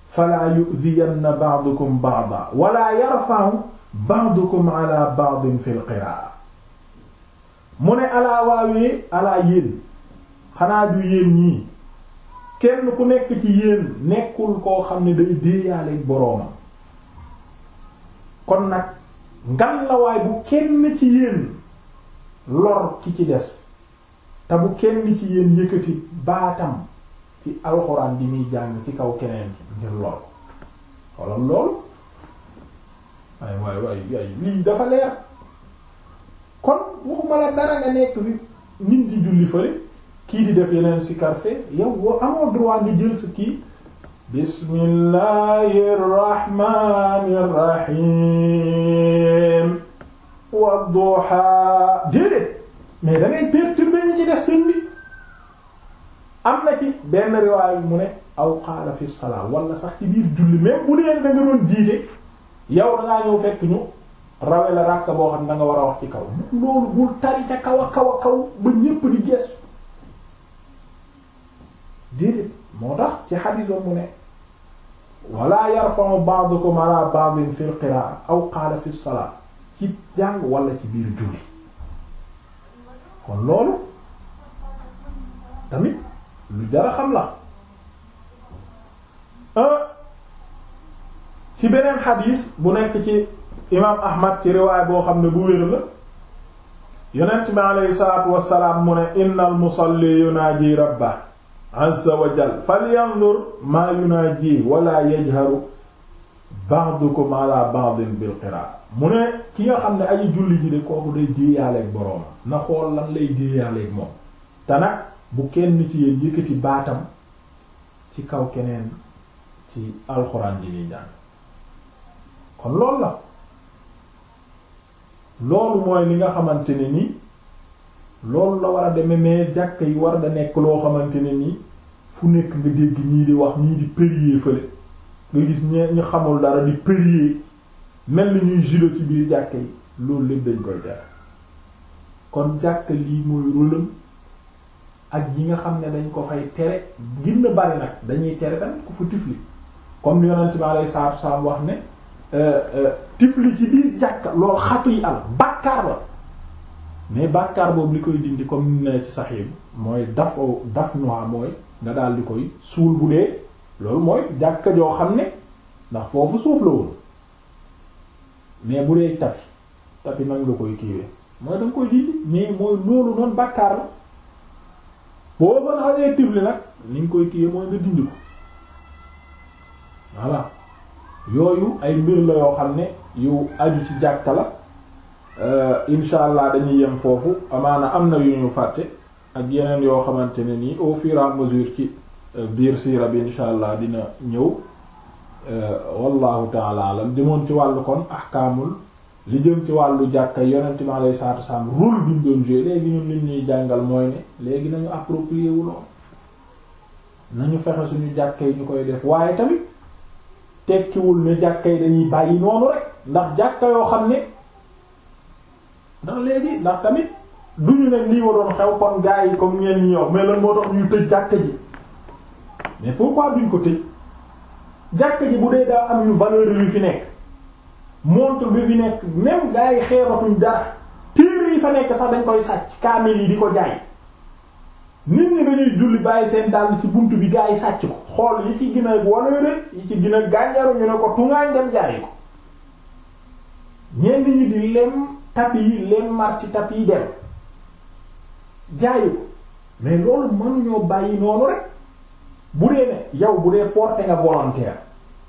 falaa yu'ziyanna ba'dukum ba'da wala yarfa'u ba'dukum ala ba'din fil qira'a alaa waawee xanaa du yéen ñii kenn ku nekk ci yéen nekkul koo xam ne day déeyaaleeg boroomam kon nag ngan la waay bu kenn ci yéen lor ki ci des te bu kenn ci yéen yëkkati baatam ci alxuraan bi muy jàng ci kaw keneen ngir lor xoolal lool waay waay waay lii dafa leer kon waxuma la dara nga nekk nit di julli fële kii di def yeneen si karfe yow boo amoo droit nga jël sa kii bismillahir rahmanir rahim wadduha déedéet mais da ngay perturber ñi ci def seen bi am na ci benn riwaay mu ne aw qaala fi salaa wala sax ci biir julli même bu dee da nga doon diite yow da ngaa ñëw fekk ñu rawe la ràkk boo xam ne da nga war a wax ci kaw loolu bul tari ca kaw a kaw a kaw ba ñépp di gees déedéet moo tax ci xadiis ba mu ne wala yarfa'u ba'dukum ala ba'din fil qira'a aw qaala fi salaat ci jàng wala ci biir julli kon loolu tamit lu jara xam la ah, ci beneen xadiis bu nekk ci imaam ahmad ci riwaay boo xam ne bu wér la yonent bi aleyhi salaatu wassalaam mu ne innal musalli yunaaji rabba azza wa jal falyanzur maa yunaaji wala yajharu ba'dukum ala ba'din bil qira'a mu ne ki nga xam ne aji julli ji de kooku day déeyaaleeg borooma na xool lan lay déeyaaleeg moom te bu kenn ci yéen yëkkati baatam ci kaw keneen ci alxuraan ji ñuy jàng kon loolu la loolu mooy li nga xamante ni loolu la war a demee mais jàkk yi war da nekk loo xamante ne nii fu nekk nga dégg ñii di wax ñii di prier fële nga gis ñee ñu xamul dara di prier mel ni ñuy julo ci biir jàkk yi loolu lépp dañ koy jar kon jàkk lii mooy rôlam ak yi nga xam ne dañ ko fay tere gën na nag dañuy tere tamit ku fu tifli comme ni yonent bi alayhi salaatu wax ne euh, euh, tifli ci biir jàkk loolu xatu yi al bàkkaar la mais bàkkaar boobu li koy dindi comme ne ci sax yi mooy daf daf noa mooy nga daal di koy suul bu dee loolu mooy jàkka joo xam ne ndax foofu suuf la woon mais bu dee tati tapi nag la koy kiiwee mooy da nga koy dindi mais mooy loolu noonu bàkkaar la boo mën a xasee tifli nag ni nga koy kiiwee mooy nga dindi ko voilà yooyu ay mbir la yoo xam ne yu aju ci jàkka la. Euh, insha allah dañuy yem foofu amaana am na yu ñu fàtte ak yeneen yoo xamante ne nii au fur et ci euh, biir siira bi insha allah dina ñëw euh, wallahu taala alam demoon ci wàllu kon ahkaamul li jëm ci wàllu jàkka yonent bi alayhi salaatu wasalaam rôle bi ñu léegi ñun li ñuy jàngal mooy ne léegi nañu approprier wu nañu fexe suñu jàkkee ñu koy def waaye tamit tekkiwul ne jàkka yi dañuy bàyyi noonu rek ndax jàkka yoo xam ne ndax léegi ndax tamit duñu ne lii waroon xew kon gaa yi comme ñeen ñi wax mais lan moo tax ñuy tëj jàkka ji mais pourquoi duñ ko tëj jàkka ji bu dee daa am yu valeur yu fi nekk montre bi fi nekk même gars yi xeebatuñ dara téere yi fa nekk sax dañ koy sàcc kaamil yi di ko jaay nit ñi dañuy julli bàyyi seen dàll ci bunt bi gaa yi sàcc ko xool yi ci gën a valeur yi ci gën a gànjaru ñu ne ko tungaañ dem jaay ko ñenn ñi di lem tapi yi leen mar ci tapi yi dem jaayi ko mais loolu mënuñoo bàyyi noonu rek bu dee ne yow bu dee porté nga volontaire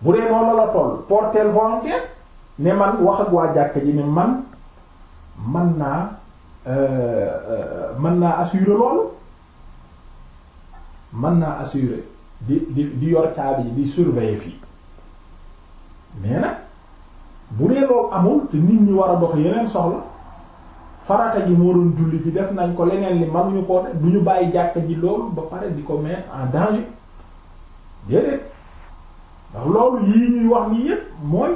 bu dee noonu la toll porteel volontaire ne man wax ak waa jàkka ji ne man man naa euh, mën naa assurer loolu mën naa assurer di di di yor caabi di surveiller fii mais bu dee loolu amul te nit ñi war a dox yeneen soxla farata ji moo doon julli ji def nañ ko leneen li mënuñu koo def du ñu bàyyi jàkka ji loolu ba pare di ko mettre en danger déedéet loolu yii ñuy wax ni yépp mooy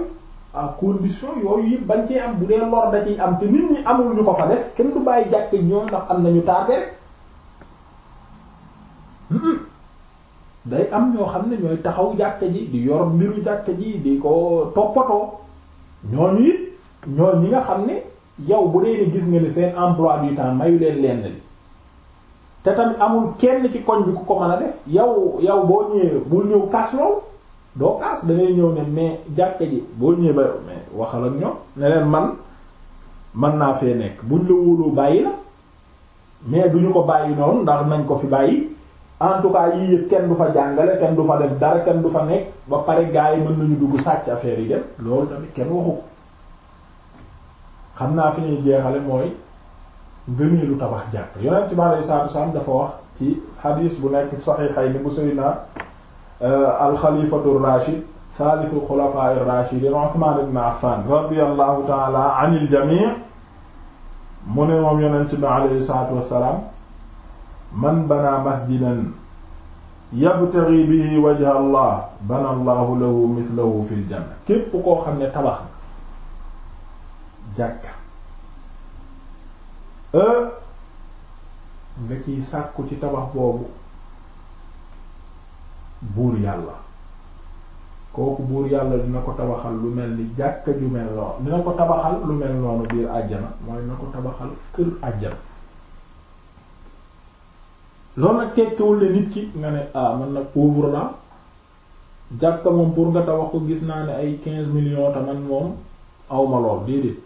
a condition yooyu yëpp bañ ci am bu dee lor da ciy am te nit ñi amul ñu ko fa def kenn du bàyyi jàkka ji ñoom ndax am nañu tardé day am ñoo xam ne ñooy taxaw jàkka ji di yor mbiru jàkka ji di ko toppatoo. ñoo it ñooñu ñi nga xam ne yow bu dee ni gis nga ne seen emploi du temps mayu leen lenn li te tamit amul kenn ci koñ bi ku ko mën a def yow yow boo ñëwee bul ñëw kaas lool doo kaas da ñëw ne mais jàkka ji boo ñëwee ba mais waxal ak ñoom ne leen man mën naa fee nekk buñ la wóoloo bàyyi la mais duñu ko bàyyi noonu ndax nañ ko fi bàyyi en tout cas yii yëpp kenn du fa jàngale kenn du fa def dara kenn du fa nekk ba pare gaa yi mën nañu dugg sàcc affaire yi dem loolu tamit kenn waxu xam naa fi ñuy jeexale mooy ngëneelu tabax jàkk yonent bi alayhi salaatu salaam dafa wax ci xadiis bu nekk saxiixayni bu sayyidina euh, alxalifatu rachid thalithu xulafaa rachidin Usmaan ibn Affaan radiyallahu taala anil jamii mu ne moom yonent bi alayhi salaatu wassalaam man banaa masjidan yabtaghi bihi wajha allah bana allahu lahu mithlahu fil janna képp koo xam ne tabax na jàkka euh, nga ciy sàkku ci tabax boobu buur yàlla kooku buur yàlla dina ko tabaxal lu mel ni jàkka ju mel noonu dina ko tabaxal lu mel noonu biir àjjana mooy dina ko tabaxal kër àjjana loolu nag tekkiwul ne nit ki nga ne ah man nag pauvre la jàkka moom pour nga tabax ko gis naa ne ay quinze millions te man moom awma lool déedéet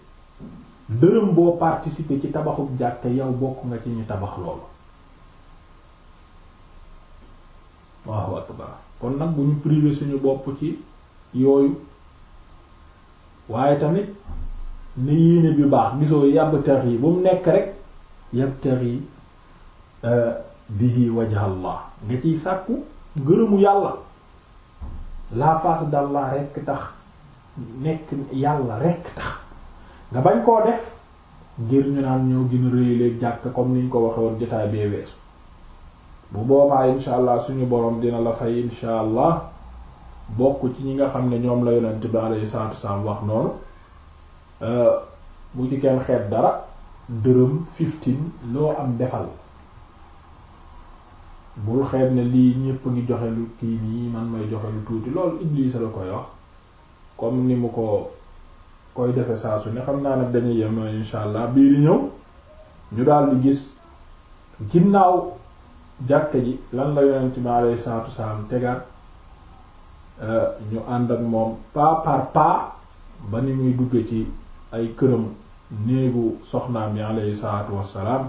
dërëm boo participer ci tabaxub jàkka yow bokk nga ci ñu tabax loolu waaw akbar kon nag bu ñu privé suñu bopp ci yooyu waaye tamit ne yéene bi baax gisoo yàbb tax yi bu mu nekk rek yàbb tax yi euh, bihi wajha Allah nga ciy sàkku gërëmu yàlla la fas d'Allah rekk tax nekk yàlla rekk tax nga bañ koo def ngir ñu naan ñoo gën a rëyleeg jàkk comme niñ ko waxe woon jotaay bee weesu bu boobaa insha allah suñu borom dina la fay insha allah bokk ci ñi nga xam ne ñoom la yonent bi alayhi salaatu wasalaam wax noonu euh, bu ci kenn xeet dara dërëm fifteen loo am defal bul xeeb ne lii ñépp ngi joxe lu kii nii man may joxe lu tuuti loolu Iblis la koy wax comme ni mu ko koy defe saa su ne xam naa nag dañuy yem insha allah bii di ñëw ñu daal di gis ginnaaw jàkka ji lan la yonent bi alayhi salaatu salaam tegaat eh, ñu ànd ak moom pas par pas ba ni muy dugge ci ay këram néegu soxnaam yi alayhi salaatu wassalaam